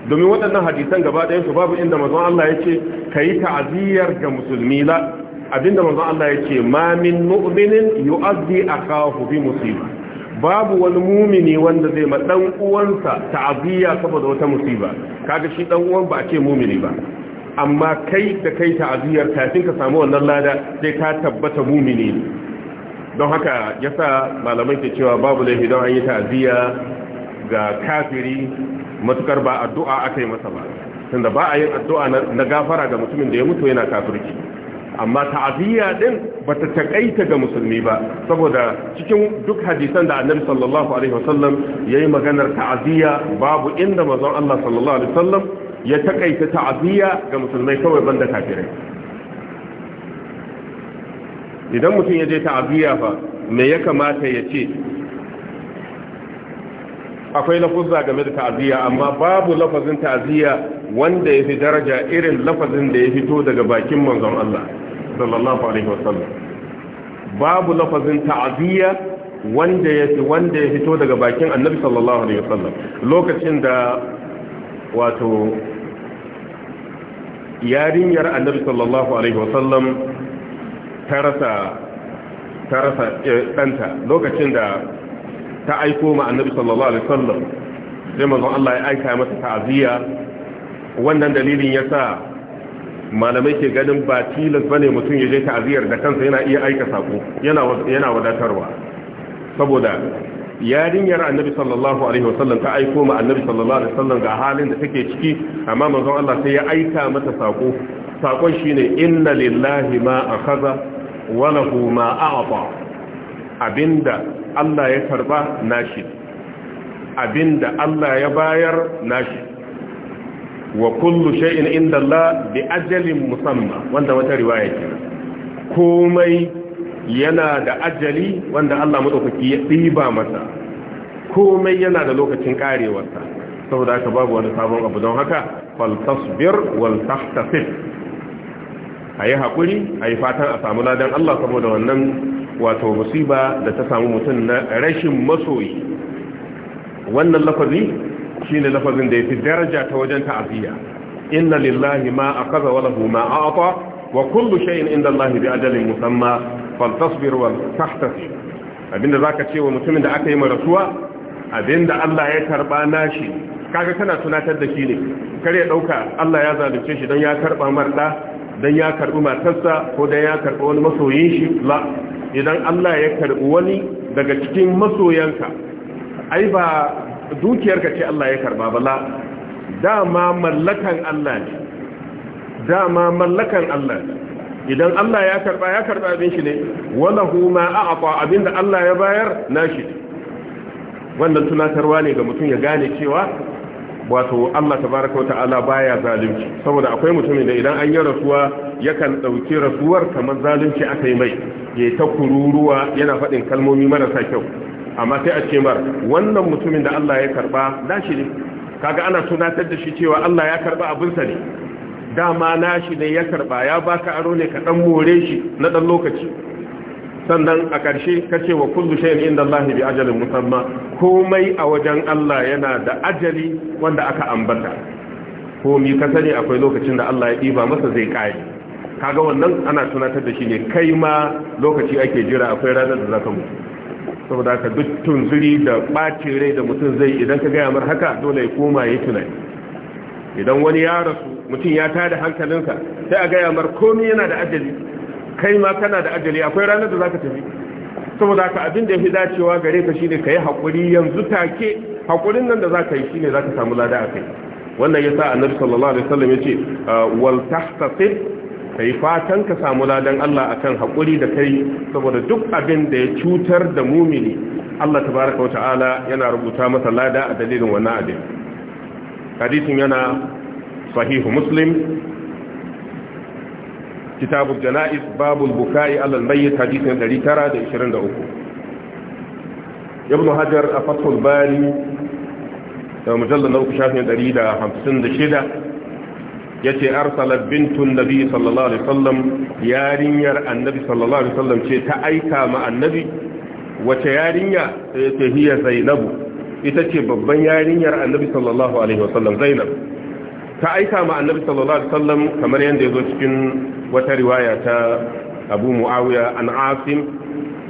domin waɗannan hadisan gaba ɗaya su babu inda mazan Allah ya ce ka yi ta'aziyar ga musulmi la abinda mazan Allah ya ce ma min mu'minin a kawo bi musiba babu wani mumini wanda zai ma ɗan uwansa ta'aziyya saboda wata musiba kaga shi ɗan uwan ba a ce mumini ba amma kai da kai ta'aziyar kafin ka samu wannan lada sai ka tabbata mumini don haka ya sa malamai ke cewa babu laifi don an yi ta'aziyya ga kafiri matukar ba addu'a aka yi masa ba tunda ba a yin addu'a na gafara ga mutumin da ya mutu yana kafirci amma ta'aziyya din ba ta takaita ga musulmi ba saboda cikin duk hadisan da annabi sallallahu alaihi wasallam yayi maganar ta'aziyya babu inda manzon Allah sallallahu alaihi wasallam ya takaita ta'aziyya ga musulmai kawai banda kafirai idan mutum ya je ta'aziyya fa me ya kamata ya ce akwai lafuzza game da ta'aziyya amma babu lafazin ta'aziyya wanda ya fi daraja irin lafazin da ya fito daga bakin manzon Allah sallallahu alaihi wasallam babu lafazin ta'aziyya wanda yafi wanda ya fito daga bakin annabi sallallahu alaihi wasallam lokacin da wato yarinyar annabi sallallahu alaihi wasallam ta rasa eh, ɗanta lokacin da ta aiko ma annabi sallallahu alaihi sallam sai manzon Allah ya aika mata ta'aziyya wannan dalilin ya sa malamai ke ganin ba tilas ba ne mutum ya je ta'aziyyar da kansa yana iya aika saƙo yana wadatarwa saboda yarinyar annabi sallallahu alaihi wasallam ta aiko ma annabi sallallahu alaihi wasallam ga halin da take ciki amma manzon Allah sai ya aika mata saƙo sakon shine inna lillahi ma akhadha walahu ma a'ata abinda Allah ya karba nashi abinda Allah ya bayar nashi wa kullu shay'in inda Allah bi ajalin musamma wanda wata riwaya ce komai yana da ajali wanda Allah madaukaki ya diba masa komai yana da lokacin karewarsa saboda haka babu wani sabon abu don haka fal tasbir wal tahtasib a yi haƙuri a yi fatan a samu ladan Allah saboda wannan wato musiba da ta samu mutum na rashin masoyi wannan lafazi shi ne lafazin da ya fi daraja ta wajen ta'aziyya inna lillahi ma a kaza wa lahu ma a ata wa kullu shay'in inda Allah bi ajalin musamma fal tasbir wal tahtasi abinda zaka ce wa mutumin da aka yi marasuwa abinda Allah ya karba nashi kaga kana tunatar da shi ne kar ya ɗauka Allah ya zalunce shi don ya karba marda dan ya karbi matarsa ko dan ya karbi wani masoyin shi la idan Allah ya karbi wani daga cikin masoyanka ai ba dukiyarka ce Allah ya karba ba la dama mallakan Allah ne dama mallakan Allah ne idan Allah ya karba ya karba abin shi ne walahu ma a'ta abinda Allah ya bayar nashi wannan tunatarwa ne ga mutum ya gane cewa wato Allah tabaraka ta'ala baya zalunci saboda akwai mutumin da idan an yi rasuwa yakan dauki rasuwar kamar zalunci aka yi mai ya ta kururuwa yana faɗin kalmomi marasa kyau amma sai a ce mar wannan mutumin da Allah ya karba nashi ne kaga ana tunatar da shi cewa Allah ya karba abin sa ne dama nashi ne ya karɓa ya baka aro ne ka dan more shi na ɗan lokaci sannan a ƙarshe ce wa kullu shay'in inda Allah bi ajalin musamma komai a wajen Allah yana da ajali wanda aka ambata mi ka sani akwai lokacin da Allah ya ɗiba masa zai kai kaga wannan ana tunatar da shi ne kai ma lokaci ake jira akwai ranar da zaka mutu saboda ka duk tunzuri da ɓacin rai da mutum zai idan ka gaya mar haka dole ya koma ya tunani idan wani ya rasu mutum ya tada hankalinsa sai a gaya mar komai yana da ajali kai ma kana da ajali akwai ranar da zaka tafi saboda haka abin da yafi dacewa gare ka shine kai hakuri yanzu take hakurin nan da zaka yi shine zaka samu lada akai wannan yasa annabi sallallahu alaihi wasallam yace ah, wal tahtasib kai fatan ka samu ladan Allah akan hakuri da kai saboda duk abin da ya cutar da mumini Allah tabaaraka wa ta'ala yana rubuta masa lada a dalilin wannan abin hadisin yana sahihu muslim kitabul jana'iz babul bukai alal mayyit hadisin 923 ibn hajar a fathul bari da mujallal na uku shafin 156 yace arsala bintun nabi sallallahu alaihi yarinyar annabi sallallahu alaihi ce ta aika ma annabi wace yarinya ta hiya zainabu ita ce babban yarinyar annabi sallallahu alaihi zainab ta aika ma annabi sallallahu alaihi wasallam kamar yadda yazo cikin wata riwaya ta abu muawiya an asim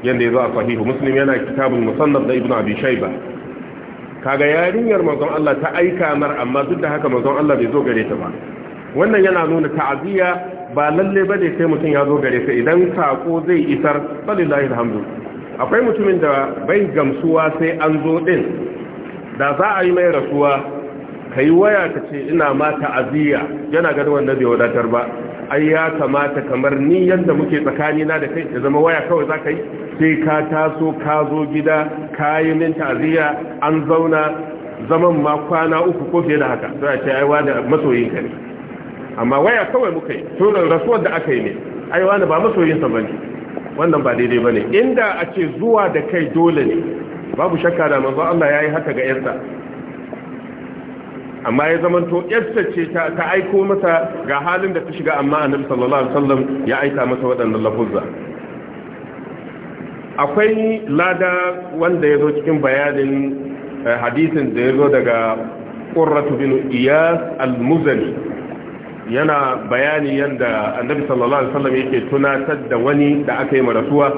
yadda ya a sahihu muslim yana kitabul musannaf da Ibn abi shayba kaga yarinyar manzon Allah ta aika mar amma duk da haka manzon Allah bai zo gare ta ba wannan yana nuna ta'aziyya ba lalle bane sai mutum ya zo gare ta idan sako zai isar sallallahu alhamdu akwai mutumin da bai gamsuwa sai an zo din da za a yi mai rasuwa ka yi waya ka ce ina ma ta'aziyya yana ganin wanda bai wadatar ba ai ya kamata kamar ni yadda muke tsakani na da kai ya zama waya kawai za ka yi sai ka taso ka zo gida ka yi min ta'aziyya an zauna zaman ma kwana uku ko fiye da haka sai a ce ai wani masoyin ka ne amma waya kawai muka yi to rasuwar da aka yi ne ai wani ba masoyinsa ba ne wannan ba daidai bane inda a ce zuwa da kai dole ne babu shakka da manzo Allah yayi yi haka ga yarsa amma ya zamanto yarsa ce ta aiko masa ga halin da ta shiga amma annabi sallallahu alaihi wasallam ya aika masa waɗannan lafuzza akwai lada wanda ya zo cikin bayanin eh, hadisin da ya zo daga qurratu bin iyas al-muzani yana bayani yanda annabi sallallahu alaihi wasallam yake tunatar da wani da aka yi marasuwa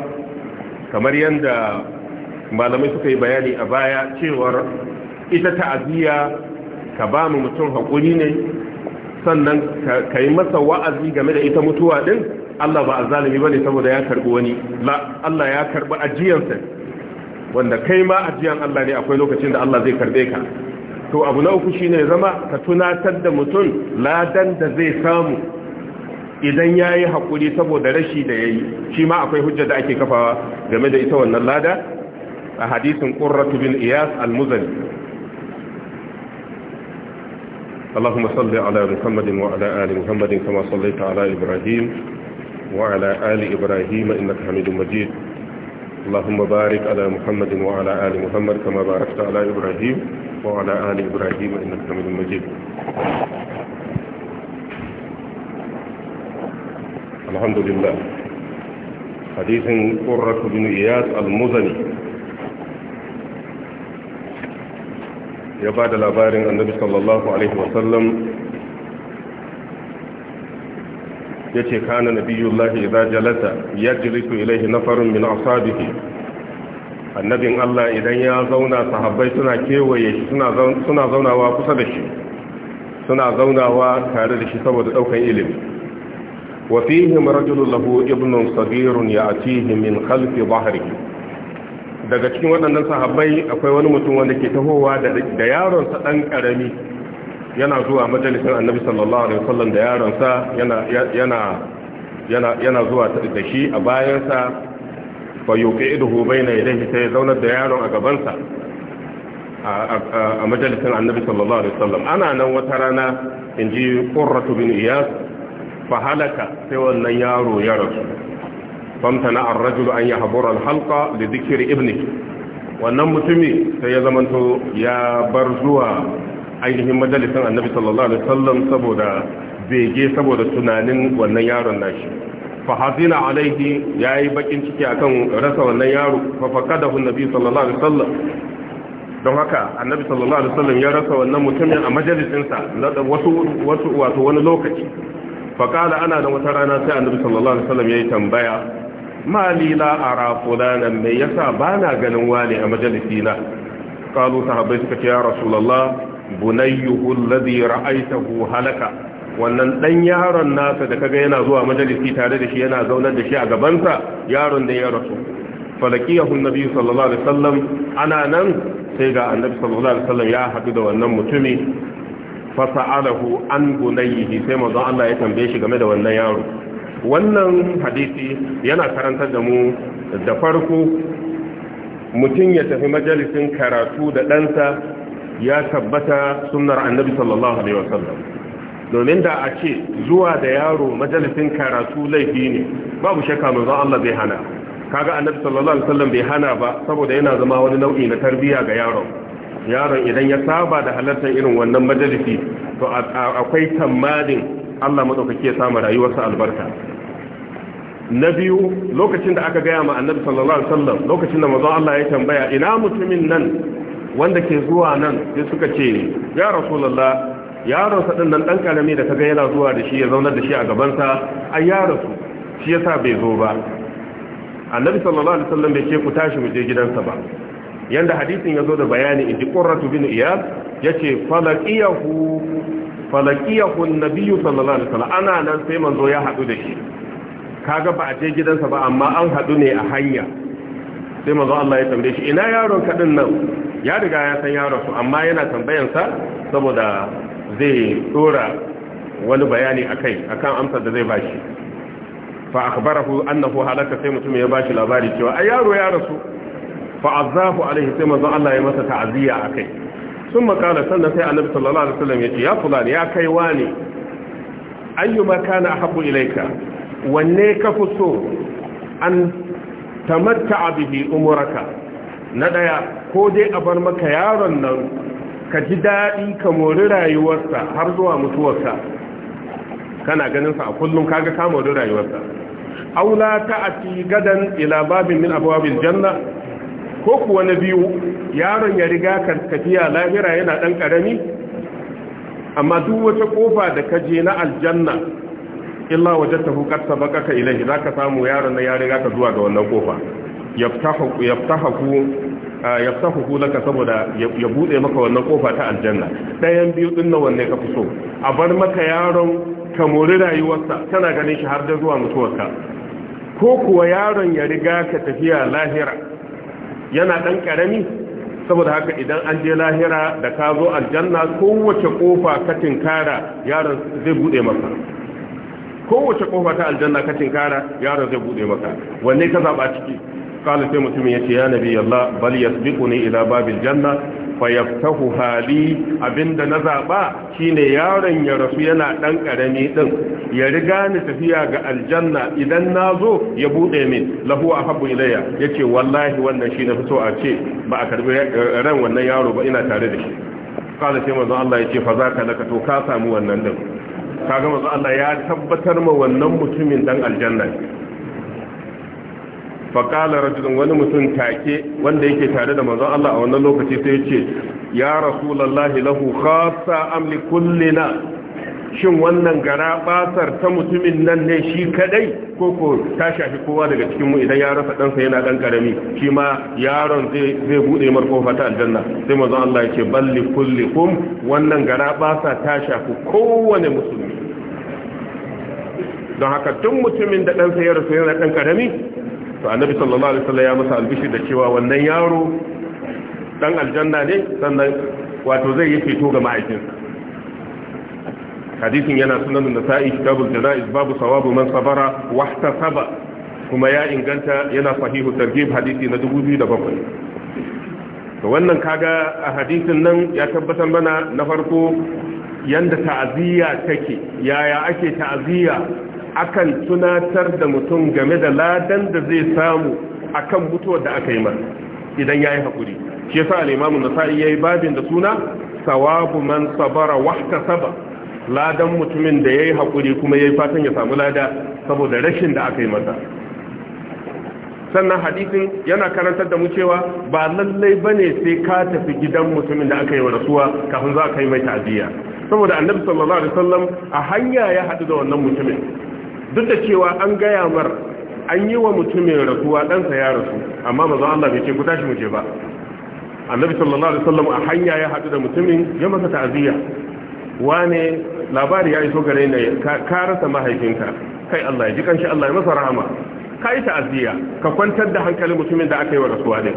kamar yadda malamai suka yi bayani a baya cewar ita ta'aziyya ka ba mu mutum haƙuri ne sannan ka yi masa wa'azi game da ita mutuwa din Allah ba a zalimi ba ne saboda ya karɓi wani Allah ya karɓi ajiyansa wanda kai ma ajiyan Allah ne akwai lokacin da Allah zai karɓe ka to abu na uku shi ne zama ka tunatar da mutum ladan da zai samu idan ya yi haƙuri saboda rashi da ya yi shi ma akwai hujjar da ake kafawa game da ita wannan lada a hadisin ƙurratu bin iyas al-muzani اللهم صل على محمد وعلى آل محمد كما صليت على إبراهيم وعلى آل إبراهيم إنك حميد مجيد اللهم بارك على محمد وعلى آل محمد كما باركت على إبراهيم وعلى آل إبراهيم إنك حميد مجيد الحمد لله حديث قرة بن إياس المزني ya ba da labarin annabi sallallahu alaihi wasallam ya ce kana nabiyullahi idza ya yajlisu ilaihi nafarun min ashabihi annabin Allah idan ya zauna sahabbai suna kewaye shi suna zaunawa kusa da shi suna zaunawa tare da shi saboda daukan ilimi wa fihim rajulun lahu ibnun sagirun ya'tihi min khalfi dhahrihi daga cikin waɗannan sahabbai akwai wani mutum wanda ke tahowa da yaronsa ɗan ƙarami yana zuwa majalisar annabi sallallahu alaihi wasallam da yaronsa yana zuwa da shi a bayansa fa yuqi idhu bayna yadayhi sai zaunar da yaron a gabansa a majalisar annabi sallallahu alaihi wasallam ana nan wata rana inji qurratu bin iyas fa halaka sai wannan yaro ya rasu famtana ar-rajul an yi al-halqa li dhikri ibni wannan mutumi sai ya zamanto ya bar zuwa ainihin majalisin annabi sallallahu alaihi sallam saboda bege saboda tunanin wannan yaron nashi fa hazina alaihi yi bakin ciki akan rasa wannan yaro fa da annabi sallallahu alaihi sallam. don haka annabi sallallahu alaihi sallam ya rasa wannan mutumin a majalisinsa na wasu wato wani lokaci fa kala ana da wata rana sai annabi sallallahu alaihi sallam ya yi tambaya Malila la ara fulanan me yasa bana ganin wani a majalisina
qalu sahabbai suka ce ya
rasulullah bunayyuhu alladhi ra'aytahu halaka wannan dan yaron nasa da kaga yana zuwa majalisi tare da shi yana zaunar da shi a gabansa yaron da ya rasu falakiyahu annabi sallallahu alaihi wasallam ana nan sai ga annabi sallallahu alaihi wasallam ya haɗu da wannan mutumi fasa'alahu an bunayhi sai manzo Allah ya tambaye shi game da wannan yaro wannan hadisi yana karantar da mu da farko mutum ya tafi majalisin karatu da ɗansa ya tabbata sunar annabi sallallahu alaihi wasallam domin da a ce zuwa da yaro majalisin karatu laifi ne babu shakka zan Allah bai hana kaga annabi sallallahu alaihi wasallam bai hana ba saboda yana zama wani nau'i na tarbiyya ga yaron yaron idan ya saba da halartar irin wannan majalisi to akwai tamadin Allah maɗaukaki ya samu rayuwarsa albarka na biyu lokacin da aka gaya ma annabi sallallahu alaihi wasallam lokacin da manzo Allah ya tambaya ina mutumin nan wanda ke zuwa nan sai suka ce ya rasulullah yaron sa nan dan karami da kaga yana zuwa da shi ya zauna da shi a gaban sa ai ya rasu shi yasa bai zo ba annabi sallallahu alaihi wasallam bai ce ku tashi mu je gidansa ba yanda hadisin ya zo da bayani inji qurratu bin iyad yace falaqiyahu falakiyahu nabiyyu sallallahu alaihi wasallam ana nan sai manzo ya hadu da shi kaga ba a je gidansa ba amma an hadu ne a hanya sai manzo Allah ya tambaye shi ina yaron ka din nan ya riga ya san yaron su amma yana tambayan sa saboda zai dora wani bayani akai akan amsar da zai bashi fa akhbarahu annahu halaka sai mutum ya bashi labari cewa ai yaro ya rasu fa azafu alaihi sai manzo Allah ya masa ta'ziya akai sun makala sannan sai annabi sallallahu alaihi wasallam ya ce ya fulan ya kai wani ayyuma kana ahabbu ilaika wanne ka fi so an a bihi umuraka na daya ko dai a bar maka yaron nan ka ji daɗi ka mori rayuwarsa har zuwa mutuwarsa kana ganin sa a kullum kaga ka mori rayuwarsa aula ta ati gadan ila babin min abwabil janna ko kuwa na biyu yaron ya riga kan tafiya lahira yana ɗan karami amma duk wata ƙofa da ka je na aljanna illa wajen ta hukar sabaka ka ilahi za samu yaron na ya riga ka zuwa ga wannan ƙofa yaftahu laka saboda ya bude maka wannan kofa ta aljanna ɗayan biyu din na wanne ka fito a bar maka yaron ka mori rayuwarsa tana ganin shi har da zuwa mutuwarka ko kuwa yaron ya riga ka tafiya lahira yana ɗan karami saboda haka idan an je lahira da ka zo aljanna kowace kofa ka tinkara yaron zai bude maka kowace kofa ta aljanna ka tinkara yaron zai bude maka wanne ka zaba ciki kala sai mutumin ya ce ya nabi Allah bal yasbiquni ila babil janna fayaftahu hali abinda na zaɓa shine yaron ya rasu yana ɗan karami din ya riga ni tafiya ga aljanna idan nazo ya buɗe min lahu ahabbu ilayya yace wallahi wannan shine fito a ce ba a karbi ran wannan yaro ba ina tare da shi kala sai manzo Allah yace fa zaka laka to ka samu wannan din kaga manzo Allah ya tabbatar ma wannan mutumin dan aljanna faƙala rajulun wani mutum take wanda yake tare da manzon Allah a wannan lokaci sai ce ya rasulallahi lahu khassa amli kullina shin wannan gara basar ta mutumin nan ne shi kadai ko ko ta shafi kowa daga cikin mu idan ya rasa sa yana ɗan karami shi ma yaron zai zai bude mar ta aljanna sai manzon Allah yake balli kullikum wannan gara basar ta shafi kowane musulmi don haka tun mutumin da sa ya rasu yana ɗan karami to annabi sallallahu alaihi wasallam ya masa albishir da cewa wannan yaro dan aljanna ne sannan wato zai yi fito ga ma'aikinsa hadisin yana sunan nasa'i kitabul janaiz babu sawabu man sabara saba. kuma ya inganta yana sahihu targhib hadisi na 2007 to wannan kaga a hadisin nan ya tabbatar mana na farko yanda ta'aziyya take yaya ake ta'aziyya akan tunatar da mutum game da ladan da zai samu akan mutuwar da aka yi masa idan yayi hakuri shi yasa al-Imam nasai yayi babin da suna sawabu man sabara wahtasaba ladan mutumin da yayi hakuri kuma yayi fatan ya samu lada saboda rashin da aka yi masa sannan hadisin yana karantar da mu cewa ba lallai bane sai ka tafi gidan mutumin da aka yi wa rasuwa kafin za ka yi mai ta'aziyya saboda annabi sallallahu alaihi wasallam a hanya ya haɗu da wannan mutumin duk da cewa an gaya mar an yi wa mutumin rasuwa ɗansa ya rasu amma mazan Allah bai ce ku tashi mu je ba annabi sallallahu alaihi wasallam a hanya ya haɗu da mutumin ya masa ta'aziyya wane labari ya iso gare ni ka rasa mahaifinka kai Allah ya ji kanshi Allah ya masa rahama kai ta'aziyya ka kwantar da hankalin mutumin da aka yi wa rasuwa din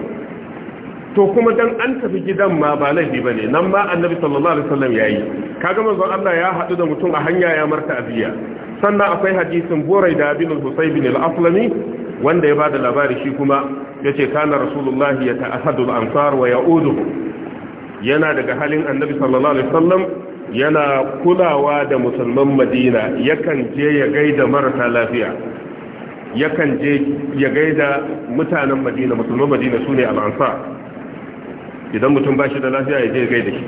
to kuma dan an tafi gidan ma ba laifi bane nan ma annabi sallallahu alaihi wasallam yayi kaga manzon Allah ya haɗu da mutum a hanya ya marta aziya sannan akwai hadisin burai da abin husai bin al'aflami wanda ya ba da labari shi kuma ya ce kana rasulullahi ya ta'ahadul ansar wa ya'udu yana daga halin annabi sallallahu alaihi wasallam yana kulawa da musulman madina yakan je ya gaida marasa lafiya yakan je ya gaida mutanen madina musulman madina su ne al'ansar idan mutum ba shi da lafiya ya je ya gaida shi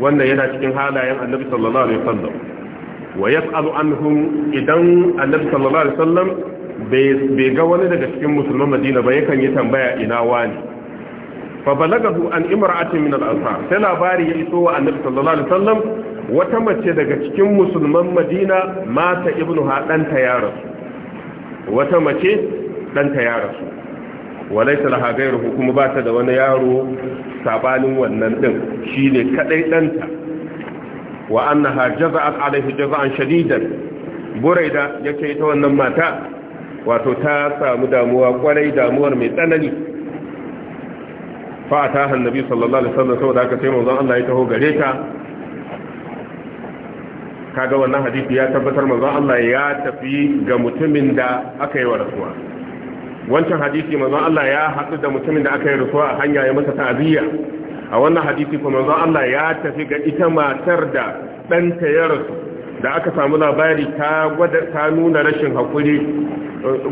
wannan yana cikin halayen annabi sallallahu alaihi wasallam wa ya yas'alu anhum idan annabi sallallahu alaihi wasallam bai ga wani daga cikin musulman Madina ba yakan yi tambaya ina wani fa balagahu an imra'atin min al-ansar sai labari ya iso wa annabi sallallahu alaihi wasallam wata mace daga cikin musulman Madina mata ibnu hadanta ya rasu wata mace danta ya rasu walaita laha gairuhu kuma ba ta da wani yaro sabanin wannan din shine kadai danta wa annaha jaza'at alaihi jaza'an shadidan buraida yake ita wannan mata wato ta samu damuwa kwarai damuwar mai tsanani fa ta hannabi sallallahu alaihi wasallam saboda haka sai manzon Allah ya taho gare ta kaga wannan hadisi ya tabbatar manzon Allah ya tafi ga mutumin da aka yi wa rasuwa wancan hadisi manzon Allah ya haɗu da mutumin da aka yi rasuwa a hanya ya masa ta'aziyya a wannan hadisi kuma manzon Allah ya tafi ga ita matar da ɗanta ya rasu da aka samu labari ta nuna rashin haƙuri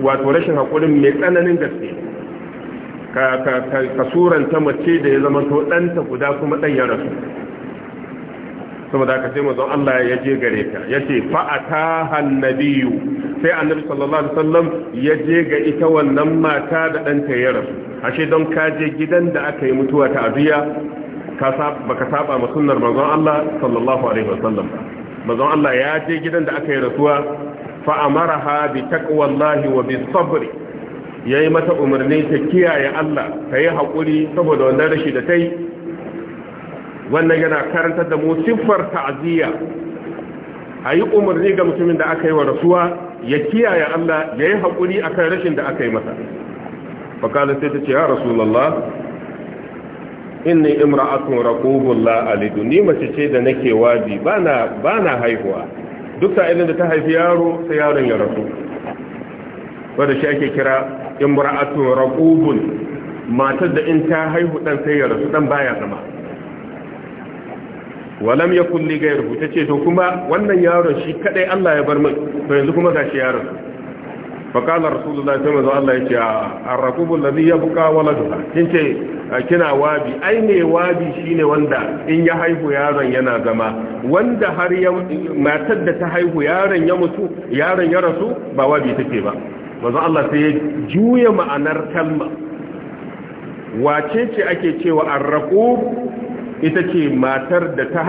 wato rashin hakurin mai tsananin gaske ka ka suranta mace da ya zama to ɗanta guda kuma ɗan ya rasu saboda haka sai manzon Allah ya je gare ta yace fa ataha annabiyyu sai annabi sallallahu alaihi wasallam ya je ga ita wannan mata da danta ya rasu ashe don ka je gidan da aka yi mutuwa ta abiya ka saba baka saba ma sunnar manzon Allah sallallahu alaihi wasallam manzon Allah ya je gidan da aka yi rasuwa fa amaraha bi taqwallahi wa bi sabri yayi mata umarni ta kiyaye Allah ta yi hakuri saboda wannan rashi da ta yi wannan yana karantar da mu siffar ta'aziyya a yi umarni ga mutumin da aka yi wa rasuwa ya kiyaye Allah ya yi haƙuri a kan rashin da aka yi masa fakala sai ta ce ya rasulallah inni imra'atun raqubullah alidu ni mace ce da nake wadi bana bana haihuwa duk sa'ilin da ta haifi yaro sai yaron ya rasu wanda shi ake kira imra'atun raqubun matar da in ta haihu dan sai ya rasu dan baya zama walam ya kulli gairu ta ce to kuma wannan yaron shi kadai Allah ya bar mai to yanzu kuma gashi yaron faqala rasulullahi ta mazo Allah yace arraqubul alladhi yabqa waladuha kin ce kina wabi ai ne wabi shine wanda in ya haihu yaron yana zama wanda har ya matar da ta haihu yaron ya mutu yaron ya rasu ba wabi take ba mazo Allah sai ya juya ma'anar kalma wace ce ake cewa arraqub ita ce matar da ta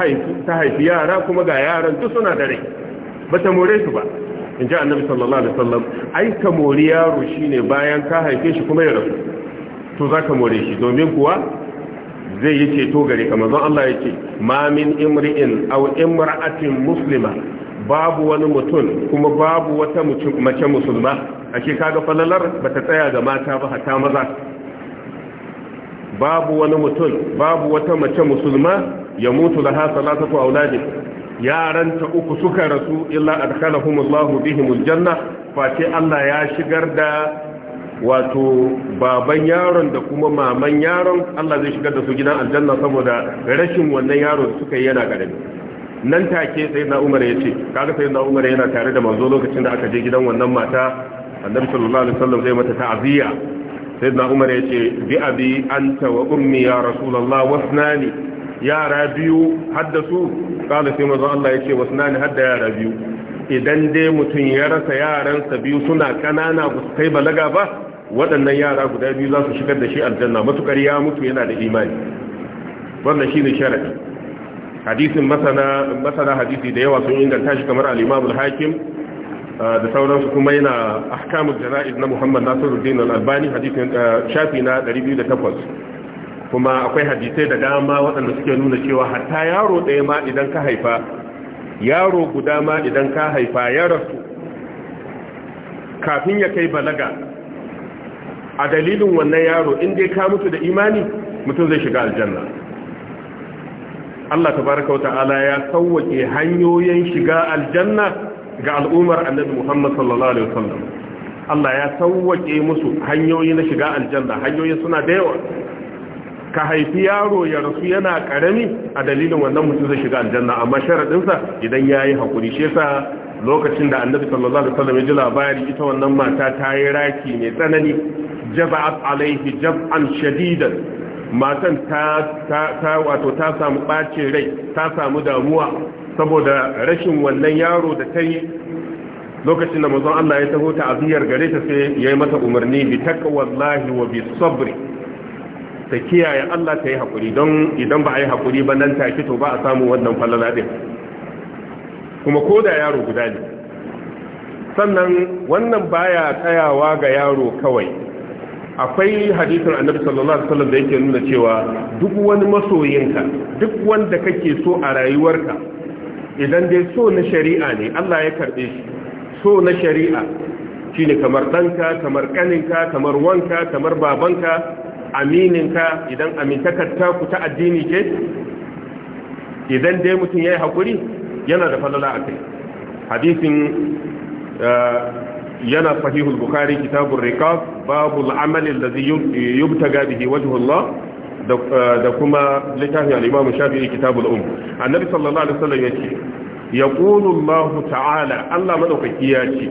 haifi yara kuma ga yaran duk suna da rai ba ta more su ba in ji annabi sallallahu alaihi wasallam ai ka mori yaro shine bayan ka haife shi kuma ya rasu to za ka more shi domin kuwa zai yi ceto gare ka manzon Allah yake ma min imri'in aw imra'atin muslima babu wani mutum kuma babu wata mace musulma ake kaga falalar bata tsaya ga mata ba hatta maza babu wani mutum babu wata mace musulma ya mutu da laha salatatu auladi yaran ta uku suka rasu illa adkhalahumullahu bihimul janna face Allah ya shigar da wato baban yaron da kuma maman yaron Allah zai shigar da su gidan aljanna saboda rashin wannan yaro da suka yi yana garami nan take sai na Umar ya ce kaga sai Umar yana tare da manzo lokacin da aka je gidan wannan mata Annabi sallallahu alaihi wasallam zai mata ta'aziyya sayyidina umar ya ce bi abi anta wa ummi ya rasulullah wasnani yara biyu haddasu kala sai manzo Allah ya ce wasnani hadda yara biyu idan dai mutum ya rasa yaransa biyu suna kanana ba su kai balaga ba waɗannan yara guda biyu za su shigar da shi aljanna matukar ya mutu yana da imani wannan shine sharadi hadisin masana masana hadisi da yawa sun inganta shi kamar al-Imam al-Hakim da sauransu kuma yana ahkamul jana'iz na Muhammad Nasiruddin Al-Albani hadisin shafi na 208 kuma akwai hadisai da dama waɗanda suke nuna cewa hatta yaro ɗaya ma idan ka haifa yaro guda ma idan ka haifa ya rasu kafin ya kai balaga a dalilin wannan yaro in dai ka mutu da imani mutum zai shiga aljanna Allah tabaraka wa ta'ala ya sauke hanyoyin shiga aljanna ga al'ummar annabi Muhammad sallallahu alaihi wasallam Allah ya sauwaƙe musu hanyoyi na shiga aljanna hanyoyi suna da yawa ka haifi yaro ya rasu yana karami a dalilin wannan mutum zai shiga aljanna amma sharadinsa idan yayi hakuri shi yasa lokacin da annabi sallallahu alaihi wasallam ya ji labari ita wannan mata ta yi raki mai tsanani jaba'at alaihi jab'an shadidan matan ta ta wato ta samu bacin rai ta samu damuwa saboda rashin wannan yaro da ta yi lokacin da mazan Allah ya taho ta aziyar gare ta sai ya yi mata umarni bi wallahi wa bi sabri ta kiyaye Allah ta yi haƙuri, don idan ba a yi haƙuri ba nan take to ba a samu wannan falala din kuma ko da yaro guda ne sannan wannan baya tsayawa ga yaro kawai akwai hadisin annabi sallallahu alaihi wasallam da yake nuna cewa duk wani masoyinka duk wanda kake so a rayuwarka idan dai so na shari'a ne Allah ya karbe shi so na shari'a shine kamar danka kamar kaninka kamar wanka kamar babanka amininka idan amintakarta ku ta addini ce idan dai mutum yayi hakuri yana da falala a kai hadisin uh, yana sahihul bukhari kitabur riqab babul amali alladhi yubtaga bihi wajhullah Eh, da kuma littafin al-Imam Shafi'i Kitabul Umm annabi sallallahu alaihi wasallam yace yaqulu Allah ta'ala Allah madaukaki ce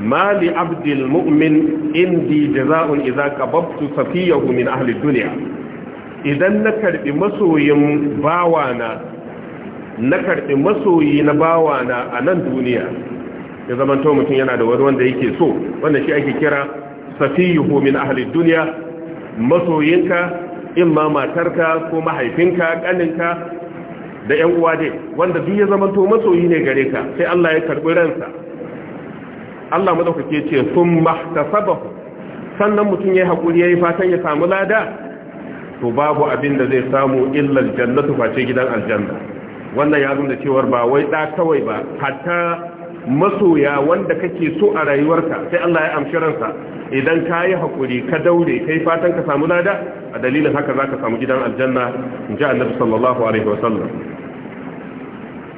ma li abdil mu'min indi jazaa'un idza qababtu safiyahu min ahli duniya. idan na karbi masoyin bawana na karbi masoyi na bawana a nan duniya ya zamanto mutum yana da wani wanda yake so wanda shi ake kira safiyuhu min ahli duniya masoyinka in ma matarka ko mahaifinka kaninka da yan uwa dai wanda duk ya zama to masoyi ne gare ka sai Allah ya karbi ransa Allah madaukake ce sun mahtasabahu sannan mutum ya yi hakuri yayi fatan ya samu lada to babu abin da zai samu illa aljannatu face gidan aljanna wannan ya nuna cewa ba wai da kawai ba hatta masoya wanda kake so a rayuwarka sai Allah ya amshi ransa idan ka yi haƙuri ka daure kai fatan ka samu lada a dalilin haka za ka samu gidan aljanna in ji annabi sallallahu alaihi wasallam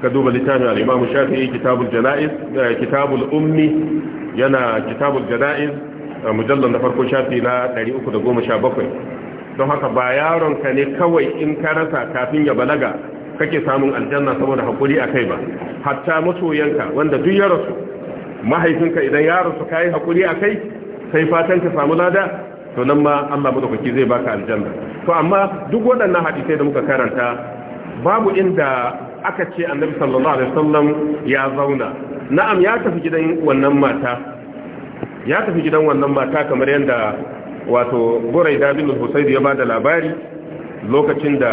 ka duba littafin al'imamu shafi'i kitabul jana'iz eh, kitabul ummi yana kitabul jana'iz a mujallar da farko shafi na 317 don haka ba yaron ka ne kawai in ka rasa kafin ya balaga kake samun aljanna saboda haƙuri a kai ba hatta masoyanka wanda duk ya rasu mahaifinka idan ya rasu ka yi haƙuri a kai Sai fatan ka samu lada to nan ma Allah madaukaki zai baka aljanna to amma duk waɗannan hadisai da muka karanta babu inda aka ce annabi sallallahu alaihi wasallam ya zauna na'am ya tafi gidan wannan mata ya tafi gidan wannan mata kamar yanda wato Buraida bin Husayd ya bada labari lokacin da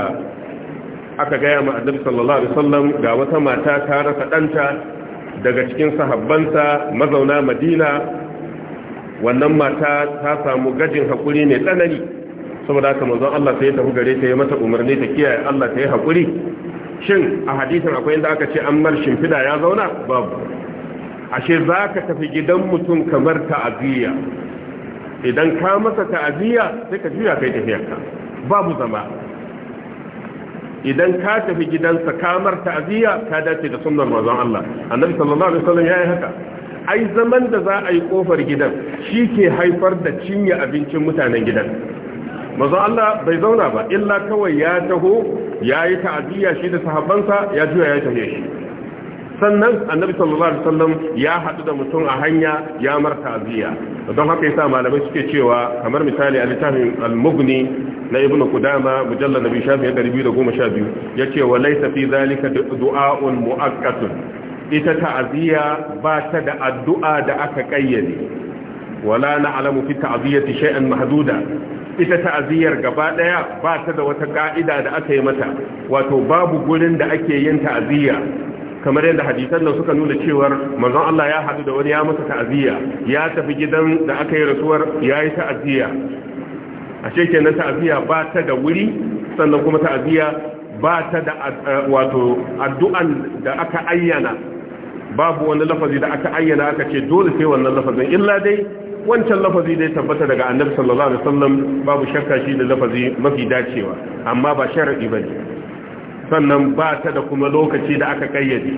aka gaya ma annabi sallallahu alaihi wasallam ga wata mata ta rasa danta daga cikin sahabbansa mazauna Madina wannan mata ta samu gajin haƙuri mai tsanani saboda haka manzon Allah sai ya tafi gare ta yi mata umarni ta kiyaye Allah ta yi hakuri shin a hadisan akwai inda aka ce an mar shimfida ya zauna babu ashe za ka tafi gidan mutum kamar ta'aziyya idan ka masa ta'aziyya sai ka juya kai tafiyarka babu zama idan ka tafi gidansa kamar ta'aziyya ka dace da sunnar manzon Allah annabi sallallahu alaihi wasallam yi haka ai zaman da za a yi kofar gidan shi ke haifar da cinye abincin mutanen gidan mazu Allah bai zauna ba illa kawai ya taho ya yi ta'aziyya shi da sahabbansa ya juya ya tafiye shi sannan annabi sallallahu alaihi wasallam ya haɗu da mutum a hanya ya mar ta'aziyya don haka yasa malamai suke cewa kamar misali a littafin al-mughni na ibn qudama mujallad nabi shafi 212 yace wa laysa fi zalika du'a'un mu'akkatun ita ta'aziyya ba ta da addu'a da aka kayyade wala alamu fi ta'ziyati shay'an mahduda ita ta'aziyyar gaba ɗaya ba ta da wata ƙa'ida da aka yi mata wato babu gurin da ake yin ta'aziyya kamar yadda hadisan nan suka nuna cewar manzon Allah ya haɗu da wani ya masa ta'aziyya ya tafi gidan da aka yi rasuwar yayi ta'aziyya ashe kenan ta'aziyya ba ta da wuri sannan kuma ta'aziyya ba ta da eh, wato addu'an da aka ayyana babu wani lafazi da aka ayyana aka ce dole sai wannan lafazin illa dai wancan lafazi dai tabbata daga annabi sallallahu alaihi wasallam babu shakka shi da lafazi mafi dacewa amma ba shar'i bane sannan ba ta da kuma lokaci da aka kayyade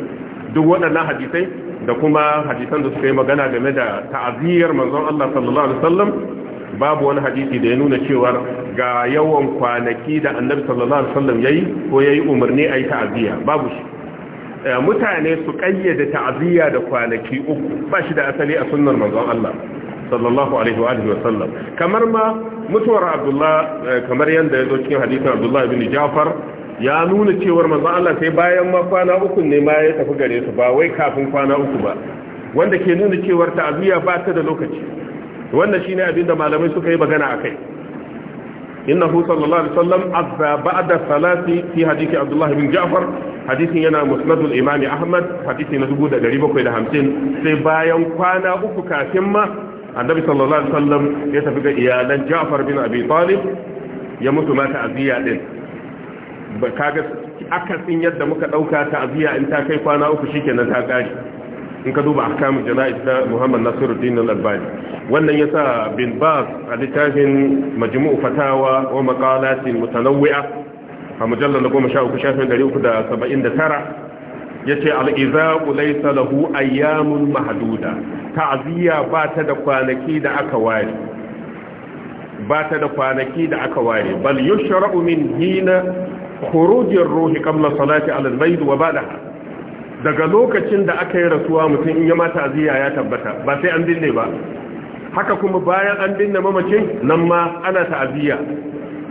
duk waɗannan hadisai da kuma hadisan da suka yi magana game da ta'aziyar manzon Allah sallallahu alaihi wasallam babu wani hadisi da ya nuna cewa ga yawan kwanaki da annabi sallallahu alaihi wasallam yayi ko yayi umarni ayi ta'aziya babu shi Eh, mutane su ƙayyade ta'aziyya da kwanaki uku ba shi da asali a sunnar manzon Allah sallallahu alaihi wa alihi wasallam kamar ma mutuwar Abdullah eh, kamar yanda yazo cikin hadisin Abdullah ibn Ja'far ya nuna cewar manzon Allah sai bayan ma kwana uku ne ma ya tafi gare su ba wai kafin kwana uku ba wanda ke nuna cewar ta'aziyya ba ta da lokaci wannan shine abinda malamai suka yi magana akai innahu sallallahu alaihi wasallam azza ba'da salati fi hadisi abdullah bin ja'far hadisin yana musnadul imami ahmad hadisi na 1750 sai bayan kwana uku kafin ma annabi sallallahu alaihi wasallam ya tafi ga iyalan ja'far bin abi talib ya mutu ma ta'ziya din kaga akasin yadda muka dauka ta'ziya in ta kai kwana uku shikenan ta kare in ka duba ahkamu jana'iz da Muhammad Nasiruddin al-Albani wannan yasa bin Baz a littafin Majmu'u Fatawa wa Maqalatin Mutanawwi'a a mujallal 13 shafin 379 yace al-izaqu laysa lahu ayyamun mahduda ta'ziya ba ta da kwanaki da aka ware ba ta da kwanaki da aka ware bal yushra'u min hina khurujir ruhi qabla salati al-mayd wa ba'daha daga lokacin da aka yi rasuwa mutum in ya mata aziya ya tabbata ba sai an binne ba haka kuma bayan an binne mamacin nan ma ana ta'aziyya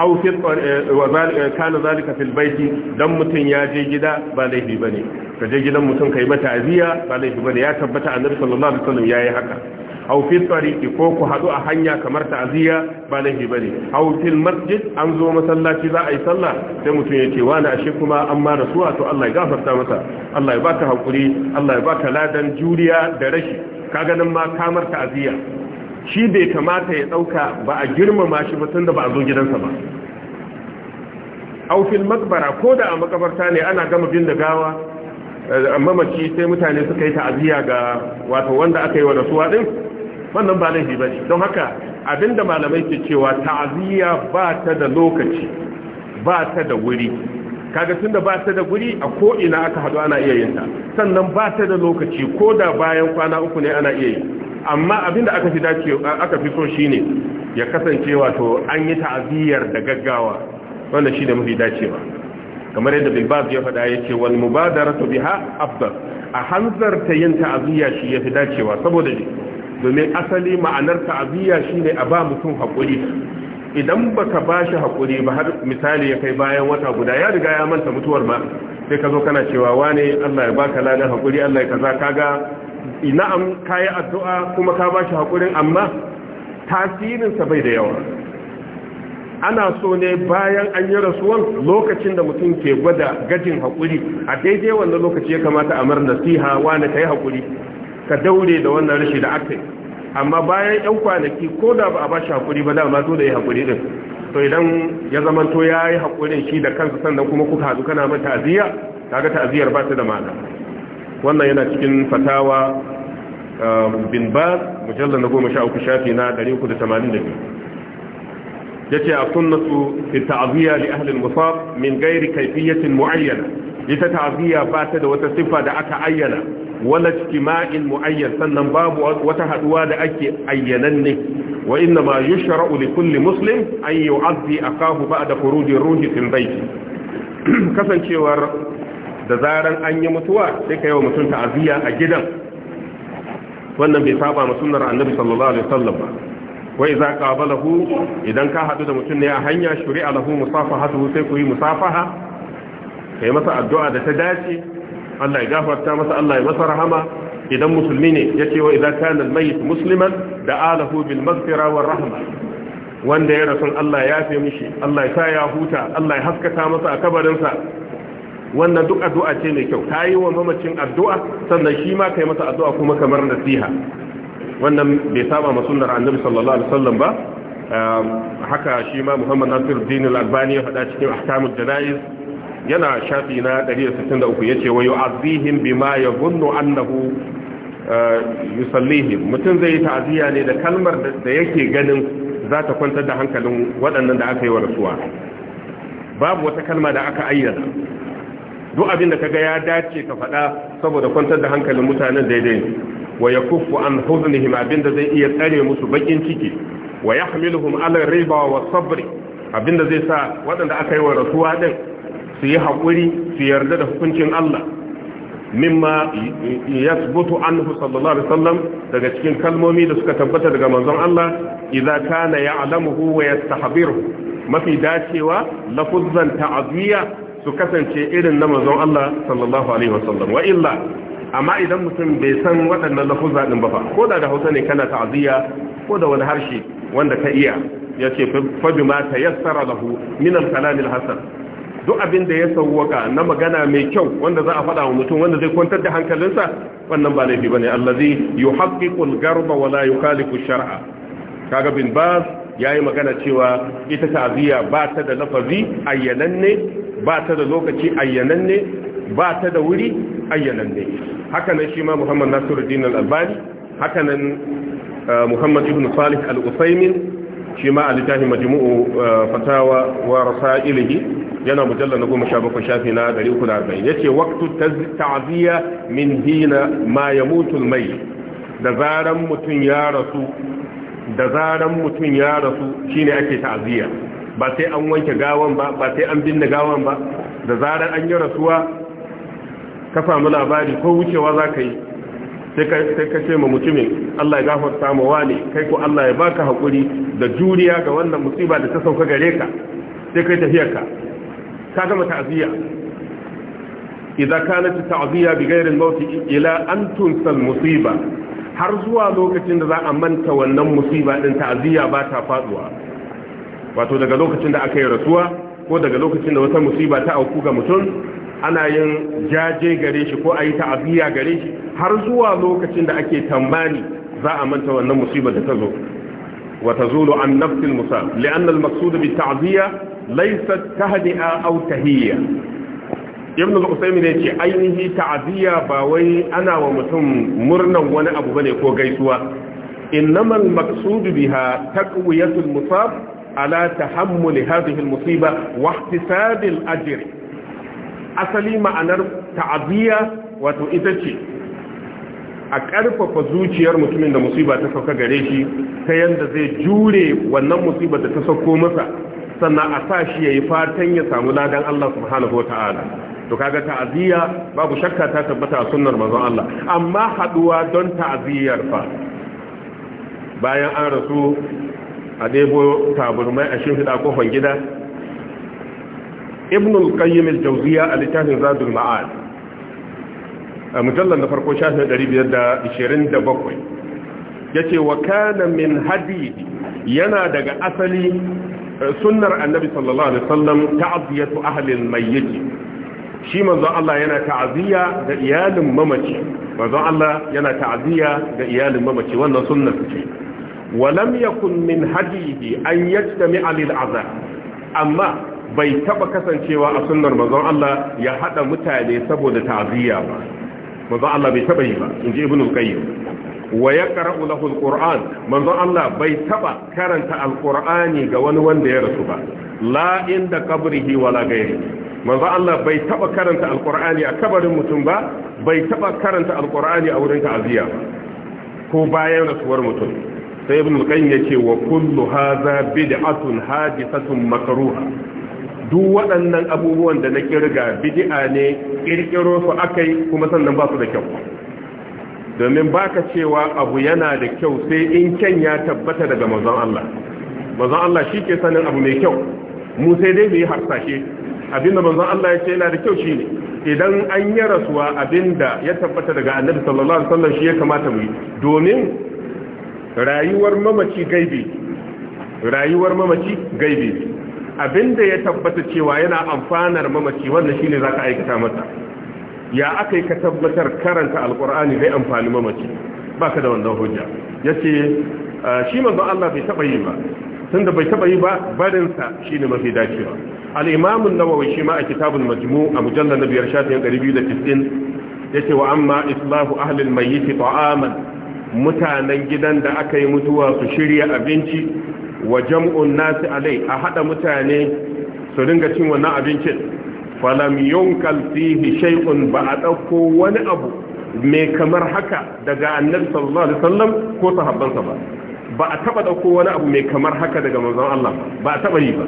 aw fi eh, eh, zalika fil baiti dan ya je gida ba laifi ne. ka je gidan ka yi mata aziya ba laifi ne. ya tabbata annabi sallallahu alaihi wasallam yayi haka aw fi tariqi ko ku hadu a hanya kamar ta'ziya ba laifi bane aw fil masjid an zo masallaci za a yi sallah sai mutum yace wani ashe kuma an ma rasuwa to Allah ya gafarta masa Allah ya baka hakuri Allah ya baka ladan juriya da rashi kaga nan ma kamar ta'ziya shi bai kamata ya dauka ba a girmama shi ba tunda ba a zo gidansa ba aw fil makbara ko da a makabarta ne ana gama bin da gawa eh, mamaci sai mutane suka yi ta'aziya ga wato wanda aka yi wa rasuwa din wannan ba laifi ba ne don haka abinda malamai ke cewa ta'aziyya ba ta da lokaci ba ta da wuri kaga tun da ba ta da wuri a ko'ina aka hadu ana iya yin ta sannan ba ta da lokaci ko da bayan kwana uku ne ana iya yi amma abinda aka fi dace aka fi so shine ya kasance wato an yi ta'aziyyar da gaggawa wanda shi mafi dacewa kamar yadda bilbaz ya faɗa ya ce wal mubadaratu biha afdal a hanzarta yin ta'aziyya shi ya fi dacewa saboda domin asali ma'anar ta'aziyya shine a ba mutum haƙuri idan baka ba shi haƙuri ba har misali ya kai bayan wata guda ya riga ya manta mutuwar ma sai ka zo kana cewa wane Allah ya baka ladan haƙuri Allah ya kaza kaga ina na'am kayi addu'a kuma ka ba shi haƙurin amma tasirinsa bai da yawa ana so ne bayan an yi rasuwan lokacin da mutum ke gwada gajin hakuri a daidai wanda lokaci ya kamata a mar nasiha wane ka yi haƙuri ka daure da wannan rashi da aka yi amma bayan yan kwanaki ko da ba a ba shi hakuri ba dama da ya hakuri din to idan ya zamanto ya yi haƙurin shi da kansa sannan kuma kuka hadu kana mata ta'aziyya ga ta'aziyyar ba ta da ma'ana wannan yana cikin fatawa um, bin baz mujallal na goma sha uku shafi na ɗari uku da tamanin da biyu ya ce a sunnatu fi ta'aziyya li ahlil musab min gairi kaifiyyacin mu'ayyana ita ta'aziyya ba ta da wata siffa da aka ayyana wala ijtima'in mu'ayyar sannan babu wata haduwa da ake ayyananne wa inna ma yushra'u li kulli muslim an yu'azzi akahu ba'da khuruji ruhi fil bayt kasancewar da zaren an yi mutuwa sai ka yi wa mutum ta'aziyya a gidan wannan bai saba ma sunnar annabi sallallahu alaihi wasallam ba wai za ka balahu idan ka hadu da mutum ne a hanya shuri'a lahu musafahatu sai ku yi musafaha kai masa addu'a da ta dace Allah ya gafarta masa Allah ya masa rahama idan musulmi ne ya ce wa idan kana almayit musliman da alahu bil maghfira rahma wanda ya rasu Allah ya yafe mishi Allah ya sa ya huta Allah ya haskaka masa a kabarinsa wannan duk addu'a ce mai kyau ta yi wa mamacin addu'a sannan shi ma kai masa addu'a kuma kamar nasiha wannan bai saba ma sunnar annabi sallallahu alaihi wasallam ba ehm, haka shi ma Muhammad Nasir Din al-Albani ya faɗa cikin ahkamul janaiz yana shafi na 163 yace wa yu'azihim bima yadhunnu annahu eh, yusallihim mutum zai yi ta'aziyya ne da kalmar da yake ganin za ta kwantar da hankalin waɗannan da aka yi wa rasuwa babu wata kalma da aka ayyana duk abin da kaga ya dace ka faɗa saboda kwantar da hankalin mutanen daidai wa kufu an huznihim abin da zai iya tsare musu bakin ciki wa yahmiluhum ala riba wa sabri abin da zai sa waɗanda aka yi wa rasuwa din su yi haƙuri su yarda da hukuncin Allah mimma yasbutu anhu sallallahu alaihi wasallam daga cikin kalmomi da suka tabbata daga manzon Allah idza kana ya'lamuhu wa yastahbiruhu mafi dacewa lafuzzan ta'ziya su kasance irin na manzon Allah sallallahu alaihi wasallam wa illa amma idan mutum bai san waɗannan lafuzza din ba fa ko da da Hausa ne kana ta'ziya ko da wani harshe wanda ka iya yace fa bima tayassara lahu min al-kalam al-hasan duk abin da ya sauwaka na magana mai kyau wanda za a faɗa wa mutum wanda zai kwantar da hankalinsa wannan ba laifi bane allazi yuhaqqiqu al-garba wa la yukhaliqu shar'a kaga bin bas yayi magana cewa ita ta'ziya ba ta da lafazi ayyananne ba ta da lokaci ayyananne ba ta da wuri ayyananne haka nan shi ma Muhammad Nasiruddin al-Albani haka nan uh, Muhammad ibn Salih al-Usaymin shi ma al majmu'u uh, fatawa wa rasailihi yana mujalla na goma sha bakwai shafi na ɗari uku da arba'in ya ce waktu ta'aziyya min dina ma ya mutu mai da zaran mutum ya rasu da zaran mutum ya rasu shine ake ta'aziyya ba sai an wanke gawan ba ba sai an binne gawan ba da zaran an yi rasuwa ka samu labari ko wucewa za ka yi sai ka ce ma mutumin Allah ya gafarta ma wani kai ko Allah ya baka hakuri da juriya ga wannan musiba da ta sauka gare ka sai kai tafiyarka ka gama ta'ziya ka kanat ta'ziya bi ghayri al ila an tunsal musiba har zuwa lokacin da za a manta wannan musiba din ta'ziya ba ta faduwa wato daga lokacin da aka yi rasuwa ko daga lokacin da wata musiba ta auku ga mutum ana yin jaje gare shi ko a yi ta'aziyya gare shi har zuwa lokacin da ake tambani za a manta wannan musiba da ta zo wa tazulu an nafsil musa li'anna al-maqsud bi ta'ziya laisat tahdi'a aw tahiyya ibn al ne yace ainihi ta'ziya ba wai ana wa mutum murnan wani abu bane ko gaisuwa innamal maqsud biha taqwiyatul musab ala tahammul hadhihi al-musiba wa ihtisab al-ajr asali ma'anar ta'ziya wato ita ce a ƙarfafa zuciyar mutumin da musiba ta sauka gare shi ta yanda zai jure wannan musibar da ta sauko masa sannan a sa shi yi fatan ya samu ladan Allah subhanahu wataala to kaga ta'aziyya babu shakka ta tabbata a sunnar mazan Allah amma haduwa don ta'aziyyar fa bayan an rasu a debo taburmai a shimfiɗa kofar gida ibnul qayyim al-jawziya a littafin zadul ma'ad a mujallar na farko shafin 527 yace wa kana min hadidi yana daga asali sunnar annabi sallallahu alaihi wasallam ta'ziyatu ahli al-mayyit shi manzon Allah yana ta'ziya ga iyalin mamaci manzon Allah yana ta'ziya ga iyalin mamaci wannan sunnar ce walam yakun min hadihi an yajtami'a lil azab amma bai taba kasancewa a sunnar manzon Allah ya hada mutane saboda ta'ziya ba manzon Allah bai taba yi ba inji ibnu qayyim wa ya qara'u lahu alquran manzon Allah bai taɓa karanta Al-Qur'ani ga wani wanda ya rasu ba la inda qabrihi wala ghairi manzo Allah bai taɓa karanta alqurani a kabarin mutum ba bai taɓa karanta alƙur'ani a wurin ta'aziya ko bayan rasuwar mutum sai ibn mukayyim qayyim yace wa kullu hadha bid'atun hadithatun makruha duk waɗannan abubuwan da na kirga bid'a ne kirkiro su akai kuma sannan ba su da kyau domin baka cewa abu yana da kyau sai in kyan ya tabbata daga mazan Allah mazan Allah shi ke sanin abu mai kyau mu sai dai mai yi harsashe abinda mazan Allah ya ce yana da kyau shine idan an yi rasuwa abinda ya tabbata daga annabi sallallahu alaihi wasallam shi ya kamata mu yi domin rayuwar mamaci gaibi rayuwar mamaci gaibi abinda ya tabbata cewa yana amfanar mamaci wannan shine ka aikata mata. ya aka yi ka tabbatar karanta alkur'ani zai amfani mamaci ba ka da wannan hujja ya ce ah, shi manzo Allah bai taɓa yi ba tun da bai taɓa yi ba barinsa shi ne mafi dacewa al'imamun nawawi shi ma a kitabun majmu a mujallar na biyar shafin ɗari biyu da tisin ya ce wa amma islahu ahalin mai yi ta'aman mutanen gidan da aka yi mutuwa su shirya abinci wa jam'un nasi alai a haɗa mutane su ringa cin wannan abincin falam yunkal fihi shay'un ba a dauko wani abu mai kamar haka daga annabi sallallahu alaihi wasallam ko sahabbansa ba ba a taba dauko wani abu mai kamar haka daga manzon Allah ba a taba yi ba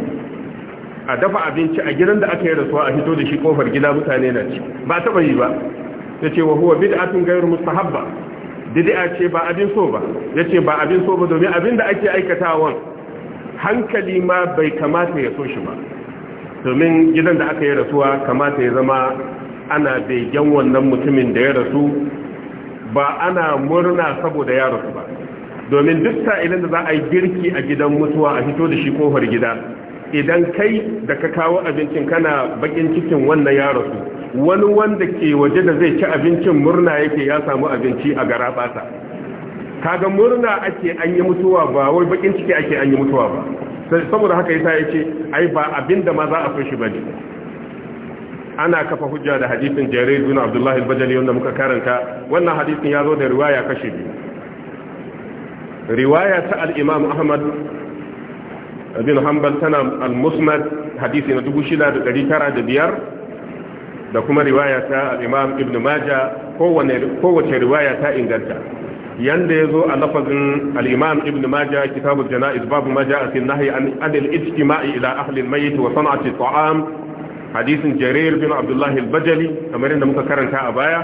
a dafa abinci a gidan da aka yi rasuwa a fito da shi kofar gida mutane na ci ba a taba yi ba yace wa huwa bid'atun ghayr mustahabba bid'a ce ba abin so ba yace ba abin so ba domin abin da ake aikatawan hankali ma bai kamata ya so shi ba domin gidan da aka yi rasuwa kamata ya zama ana begen wannan mutumin da ya rasu ba ana murna saboda ya rasu ba domin duk sa'ilin da za a yi girki a gidan mutuwa a fito da shi kofar gida idan kai da ka kawo abincin kana bakin cikin wannan ya rasu wani wanda ke waje da zai ci abincin murna yake ya samu abinci a gara kaga murna ake an yi mutuwa ba wai bakin ciki ake an yi mutuwa ba saboda haka yasa yace ai ba abinda ma za a so shi bane ana kafa hujja da hadisin Jarir bin Abdullah al-Bajali wanda muka karanta wannan hadisin ya zo da riwaya kashi biyu riwaya ta al-Imam Ahmad bin Hanbal tana al-Musnad hadisi na shida da kuma riwaya ta al-Imam Ibn Majah kowace riwaya ta inganta yanda ya zo a lafazin alimam imam ibn majah kitabul janaiz babu maja a fi nahyi an adil ijtima'i ila ahli al-mayyit wa sana'ati ta'am hadisin jarir bin Abdullahi bajali kamar yadda muka karanta a baya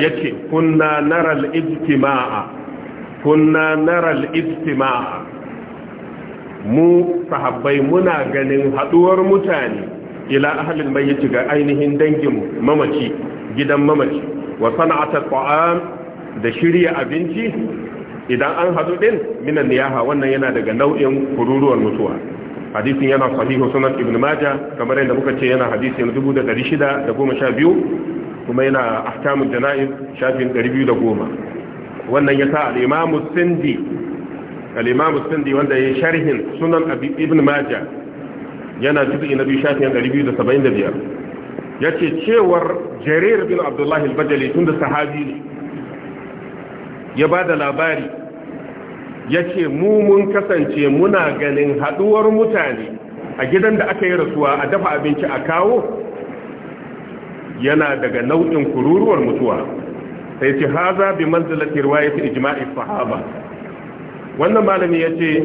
yace kunna nara al-ijtima'a kunna nara al mu sahabbai muna ganin haduwar mutane ila ahli al ga ainihin dangin mamaci gidan mamaci wa sana'ati ta'am da shirya abinci idan an haɗu ɗin minan niyaha wannan yana daga nau'in kururuwar mutuwa hadisin yana sahihu sunan ibn majah kamar yadda muka ce yana hadisi na 1612 kuma yana ahkamul janaiz shafin 210 wannan ya sa alimamu imam sindi al sindi wanda ya sharhin sunan ibn majah yana juz'i na biyu shafin 275 yace cewar jarir bin abdullah al-bajali tunda sahabi ne ya ba da labari ya ce mu mun kasance muna ganin haduwar mutane a gidan da aka yi rasuwa a dafa abinci a kawo yana daga nau'in kururuwar mutuwa sai ce haza bi manzilatir wayati ijma'i sahaba wannan malami yace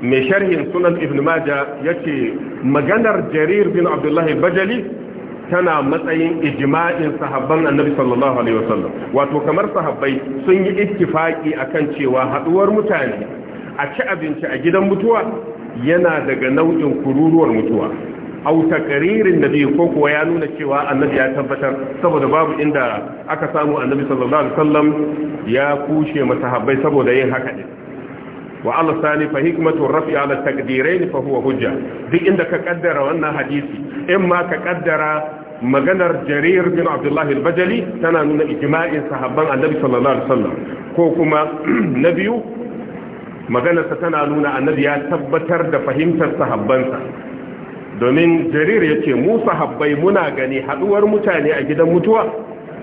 mai sharhin sunan ibn maja yace maganar jarir bin abdullahi bajali tana matsayin ijma'in sahabban annabi sallallahu alaihi wasallam wato kamar sahabbai sun yi ittifaki akan cewa haduwar mutane a ci abinci a gidan mutuwa yana daga nau'in kururuwar mutuwa au takaririn nabi ko kuwa ya nuna cewa annabi ya tabbatar saboda babu inda aka samu annabi sallallahu alaihi wasallam ya kushe masahabbai saboda yin haka din wa ala sani fa hikmatu rafi ala taqdirain fa huwa hujja duk inda ka kaddara wannan hadisi in ma ka kaddara maganar jarir bin abdullahi al-bajali tana nuna ijma'in sahabban annabi sallallahu alaihi wasallam ko kuma na biyu maganarsa tana nuna annabi ya tabbatar da fahimtar sahabbansa domin jarir ya ce mu sahabbai muna gani haduwar mutane a gidan mutuwa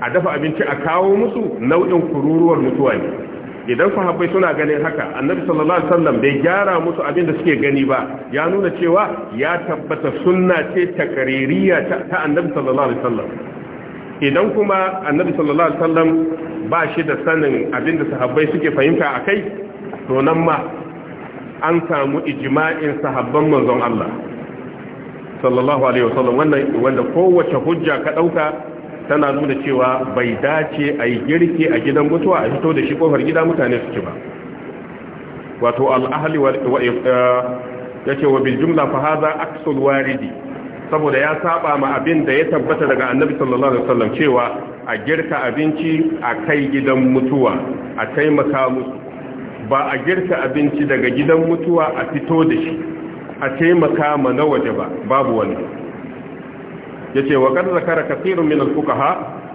a dafa abinci a kawo musu nau'in kururuwar mutuwa ne idan sahabbai suna ganin haka annabi sallallahu alaihi wasallam bai gyara musu abin da suke gani ba ya nuna cewa ya tabbata sunna ce kaririya ta annabi sallallahu alaihi wasallam idan kuma annabi sallallahu alaihi wasallam ba shi da sanin abin da sahabbai suke fahimta akai to nan ma an samu ijma'in sahabban manzon Allah sallallahu alaihi wasallam wannan wanda kowace hujja ka dauka tana nuna cewa bai dace a yi girki a gidan mutuwa a fito da shi kofar gida mutane su ci ba wato al'ahali eh, ya ce wa bil jumla fa haza aksul waridi saboda ya saba ma abin da ya tabbata daga annabi sallallahu alaihi wasallam cewa a girka abinci a kai gidan mutuwa a taimaka musu ba a girka abinci daga gidan mutuwa a fito da shi a taimaka ma na waje ba babu wani yace wa qad zakara kathirun min al-fuqaha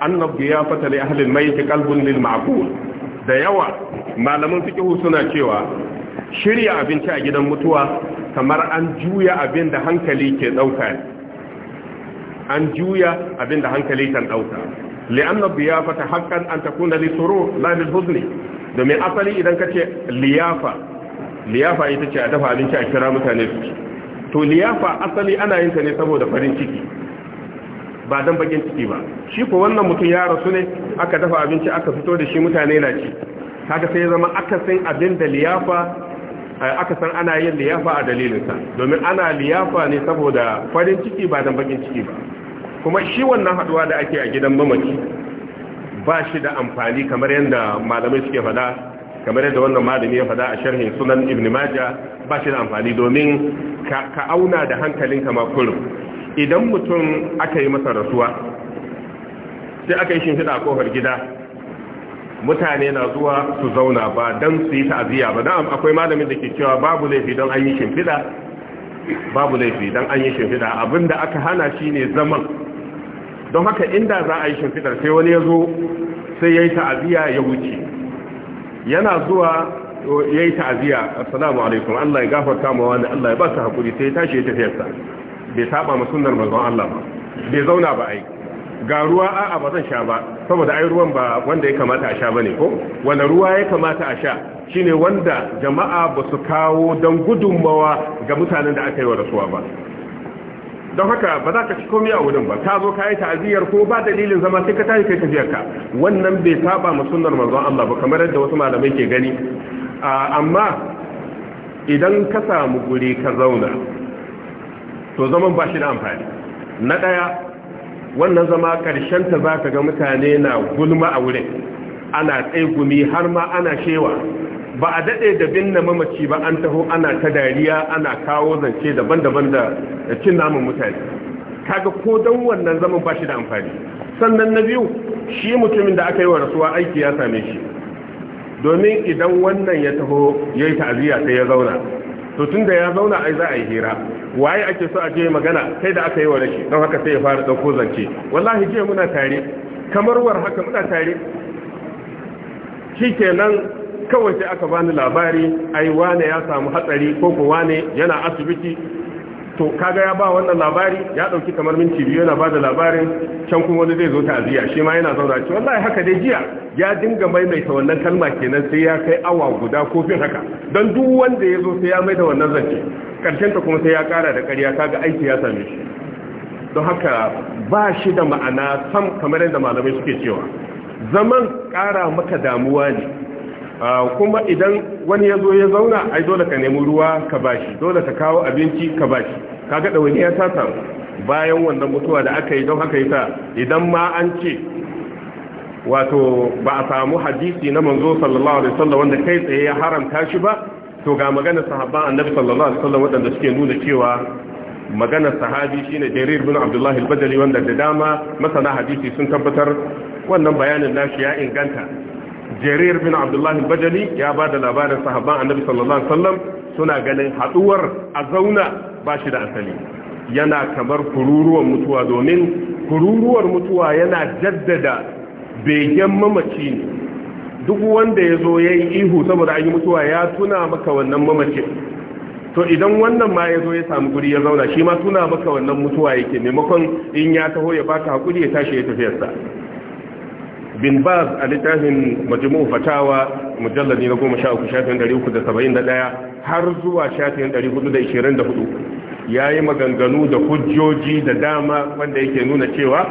anna dhiyafata li ahli al-mayt qalbun lil ma'qul da yawa malaman fiqh suna cewa shirya abinci a gidan mutuwa kamar an juya abin da hankali ke dauka an juya abin da hankali kan dauka li'anna dhiyafata haqqan an takuna li surur la lil huzni domin asali idan kace liyafa liyafa ita ce a dafa abinci a kira mutane su to liyafa asali ana yin ta ne saboda farin ciki ba dan bakin ciki ba shi ko wannan mutum ya rasu ne aka dafa abinci aka fito da shi mutane na ci haka sai zama aka san abin da liyafa eh, aka san ana yin liyafa a dalilinsa domin ana liyafa ne saboda farin ciki ba dan bakin ciki ba kuma shi wannan haduwa da ake a gidan mamaci ba shi da amfani kamar yadda malamai suke fada kamar yadda wannan malami ya fada a sharhin sunan ibn majah ba shi da amfani domin ka auna da hankalinka ma kullum idan mutum aka yi masa rasuwa sai aka yi shimfiɗa a kofar gida mutane na zuwa su zauna ba don su yi ta'aziyya ba don akwai malamin da ke cewa babu laifi don an yi shimfiɗa babu laifi don an yi shimfiɗa abinda aka hana shi ne zaman don haka inda za a yi shimfiɗar sai wani ya zo sai ya yi ta'aziyya ya wuce yana zuwa ya yi ta'aziyya assalamu alaikum allah ya gafarta ma wani allah ya ba su haƙuri sai ya tashi ya tafiyarsa bai saba ma sunnar manzon Allah ba bai zauna ba ai ga ruwa a'a ba zan sha ba saboda ai ruwan ba wanda ya kamata a sha bane ko wanda ruwa ya kamata a sha shine wanda jama'a ba su kawo don gudunmawa ga mutanen da aka yi wa rasuwa ba don haka ba za ka ci komai a wurin ba ka zo ka yi ta'aziyar ko ba dalilin zama sai ka tashi kai tafiyar ka wannan bai saba ma sunnar manzon Allah ba kamar yadda wasu malamai ke gani ah, amma idan ka samu guri ka zauna to zaman ba shi da amfani na ɗaya wannan zama ƙarshenta za ka ga mutane na gulma a wurin ana tsegumi har ma ana shewa ba a daɗe da binne mamaci ba an taho ana ta dariya ana kawo zance daban-daban da cin namun mutane kaga ko dan wannan zaman ba shi da amfani sannan na biyu shi mutumin da aka yi wa rasuwa aiki ya same shi domin idan wannan ya taho ya yi ta'aziyya sai ya zauna to da ya zauna ai za a yi hira waye ake so a je magana sai da aka yi wa rashi don haka sai ya fara dauko zance wallahi je muna tare kamar war haka muna tare shi nan kawai sai aka bani labari ai wane ya samu hatsari ko ko wane yana asibiti to kaga ya ba wannan labari ya dauki kamar minti biyu yana bada labarin can kuma wani zai zo ta aziya shi ma yana zauna ce wallahi haka dai jiya ya dinga maimaita wannan kalma kenan sai ya kai awa guda ko fin haka don duk wanda ya zo sai ya maida wannan zance karshen ta kuma sai ya kara da ƙarya kaga aiki ya same shi don haka ba shi da ma'ana sam kamar yadda malamai suke cewa zaman kara maka damuwa ne Ah, kuma idan wani ya zo ya zauna ai dole ka nemi ruwa ka bashi dole ka kawo abinci ka bashi kaga da wani ya sasa bayan wannan mutuwa da aka yi don haka yasa idan ma an ce wato ba a samu hadisi na manzo sallallahu alaihi wasallam wanda kai tsaye ya haramta shi ba to ga maganar sahabban annabi sallallahu alaihi wasallam wadanda suke nuna cewa maganar sahabi shine Jarir bin Abdullah al-Badali wanda da dama masana hadisi sun tabbatar wannan bayanin nashi ya inganta jarir bin abdullahi bajali ya ba da labarin sahaban annabi sallallahu alaihi wasallam suna ganin haduwar a zauna ba shi da asali yana kamar kururuwar mutuwa domin kururuwar mutuwa yana jaddada begen mamaci ne duk wanda ya zo ya yi ihu saboda an yi mutuwa ya tuna maka wannan mamacin to idan wannan ma ya zo ya samu guri ya zauna shi ma tuna maka wannan mutuwa yake maimakon in ya taho ya baka hakuri ya tashi ya tafiyarsa bin baz a littafin majimu fatawa mujalladi na goma sha uku shafin ɗari uku da saba'in da ɗaya har zuwa shafin ɗari hudu da ishirin da hudu ya yi maganganu da hujjoji da dama wanda yake nuna cewa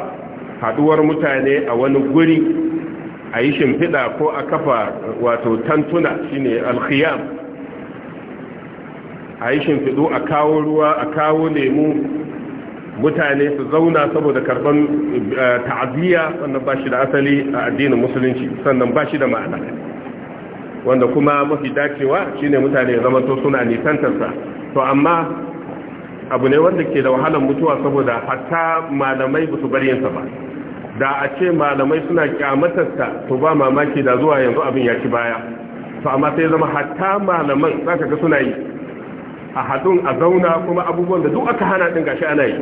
haɗuwar mutane a wani guri a yi shimfiɗa ko a kafa wato tantuna shine alkhiyam a yi shimfiɗu a kawo ruwa a kawo lemu mutane su zauna saboda karban eh, ta'aziyya wannan ba shi da asali a addinin musulunci sannan ba shi da ma'ana wanda kuma mafi dacewa shine mutane ya zama to suna nisantarsa to amma abu ne wanda ke da wahalar mutuwa saboda hatta malamai ba su bar yinsa ba da a ce malamai suna kyamatarsa to ba mamaki da zuwa yanzu abin ya ci baya to amma sai zama hatta malaman za ka ga suna yi a hadun a zauna kuma abubuwan da duk aka hana din gashi ana yi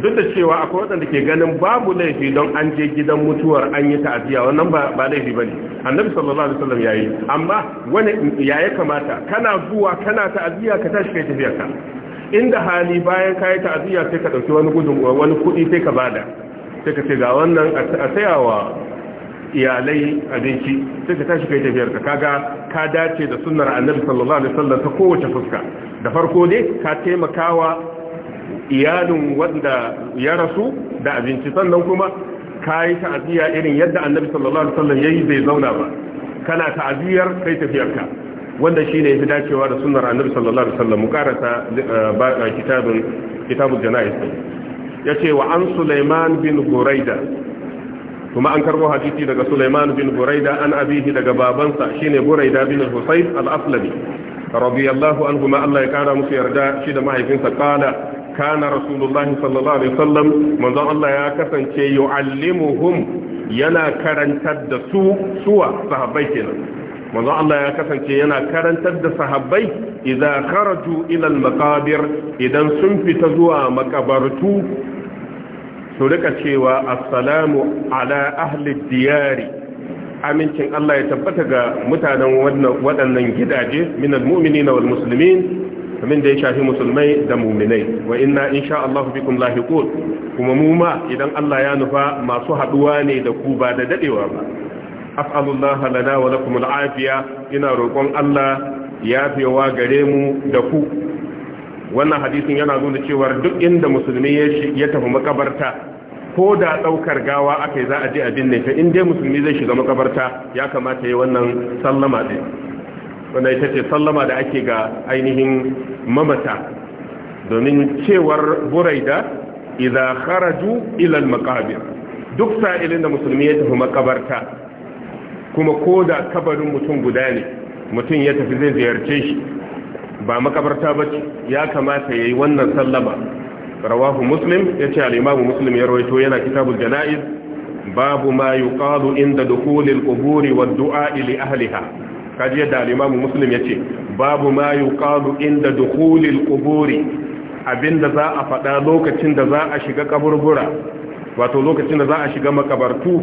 duk da cewa akwai waɗanda ke ganin babu laifi don an je gidan mutuwar an yi ta'aziyya wannan ba laifi ba ne annabi sallallahu alaihi wasallam yayi amma wani ya kamata kana zuwa kana ta'aziyya ka tashi kai tafiyarka inda hali bayan kayi ta'aziyya sai ka dauki wani gudun wani kuɗi sai ka bada sai ka ce ga wannan a sayawa iyalai abinci sai ka tashi kai tafiyarka kaga ka dace da sunnar annabi sallallahu alaihi wasallam ta kowace fuska da farko ne ka taimakawa iyalin wanda ya rasu da abinci sannan kuma kayi ta'aziyya irin yadda annabi sallallahu alaihi wasallam yayi bai zauna ba kana ta'aziyar kai tafiyarka wanda shine yafi dacewa da sunnar annabi sallallahu alaihi wasallam mukarata eh, eh, kitabun kitabul janaiz yace wa an sulaiman bin buraida kuma an karbo hadisi daga sulaiman bin buraida an abihi daga babansa shine buraida bin husayb al-aslami radiyallahu anhu ma Allah ya kara musu yarda shi da mahaifinsa kala kana rasulullahi sallallahu alaihi wasallam manzon Allah ya kasance yu'allimuhum yana karantar da su suwa sahabbai kenan manzon Allah ya kasance yana karantar da sahabai idza kharaju ila idan sun fita zuwa makabartu su rika cewa asalamu ala ahli diyari amincin Allah ya tabbata ga mutanen waɗannan gidaje minal mu'minina wal muslimin abin da ya shafi musulmai da muminai wa inna insha Allah bikum lahiqun kuma mu ma idan Allah ya nufa masu haɗuwa ne da ku ba da daɗewa ba af'alullaha lana wa lakum al'afiya ina roƙon Allah yafewa gare mu da ku wannan hadisin yana nuna cewa duk inda musulmi ya tafi makabarta ko da ɗaukar gawa aka za a je a binne ta in dai musulmi zai shiga makabarta ya kamata yi wannan sallama ɗin wanda ita ce sallama da ake ga ainihin mamata domin cewar buraida idan kharaju ilal makabir duk sa'ilin da musulmi ya tafi makabarta kuma ko da kabarin mutum guda ne mutum ya tafi zai ziyarce shi ba makabarta ba ya kamata ya yi wannan sallama rawahu muslim ya ce al'imamu muslim ya rawaito yana kitabul jana'iz babu ma yuqalu inda dukhulil kuburi wad du'a li ahliha kaji yadda al'imamu muslim ya ce babu ma yuqalu inda dukhulil quburi abinda za a faɗa lokacin da za a shiga kaburbura wato lokacin da za a shiga makabartu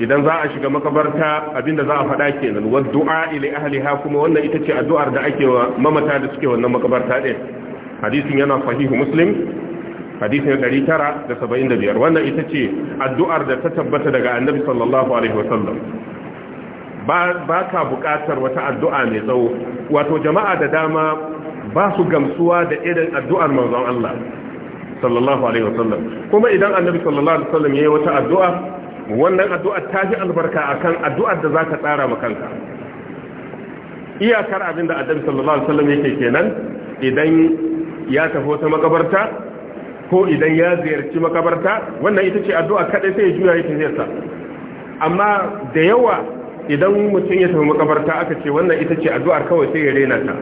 idan za a shiga makabarta abinda za a faɗa kenan wa du'a ila ahliha kuma wannan ita ce addu'ar da ake wa mamata da suke wannan makabarta din hadisin yana sahihu muslim hadisin 975 wannan ita ce addu'ar da ta tabbata daga annabi sallallahu alaihi wasallam ba ka buƙatar wata addu'a mai tsawo wato jama'a da dama ba su gamsuwa da irin addu'ar manzon Allah sallallahu alaihi wasallam kuma idan annabi sallallahu alaihi wasallam yi wata addu'a wannan addu'a ta fi albarka akan addu'ar da zaka tsara makanka kanka iyakar abin da annabi sallallahu alaihi wasallam yake kenan idan ya tafi wata makabarta ko idan ya ziyarci makabarta wannan ita ce addu'a kaɗai sai ya juya yake ziyarta amma da yawa idan mutum ya tafi makabarta aka ce wannan ita ce addu'ar kawai sai ya rena ta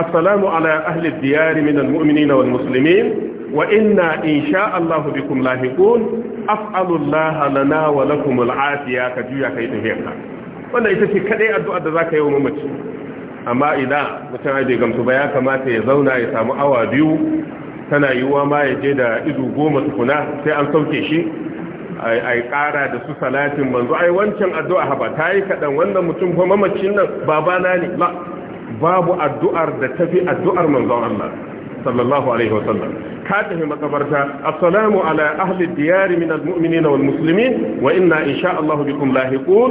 assalamu ala ahli diyar min na wal muslimin wa inna insha Allah bikum lahiqun af'alu Allah lana wa lakum al'afiya ka juya kai tafiyarka wannan ita ce kadai addu'ar da zaka yi wa mamaci amma ina mutum bai gamsu ba ya kamata ya zauna ya samu awa biyu tana yiwuwa ma ya je da ido goma tukuna sai an sauke shi ai ƙara da su salatin manzo ai wancan addu'a haba yi kaɗan wannan mutum ko mamacin nan babana ne la babu addu'ar da tafi addu'ar manzon Allah sallallahu alaihi wasallam ka tafi makabarta assalamu ala ahli diyari min al almu'minina wal musulmi wa inna insha Allah bikum lahiqun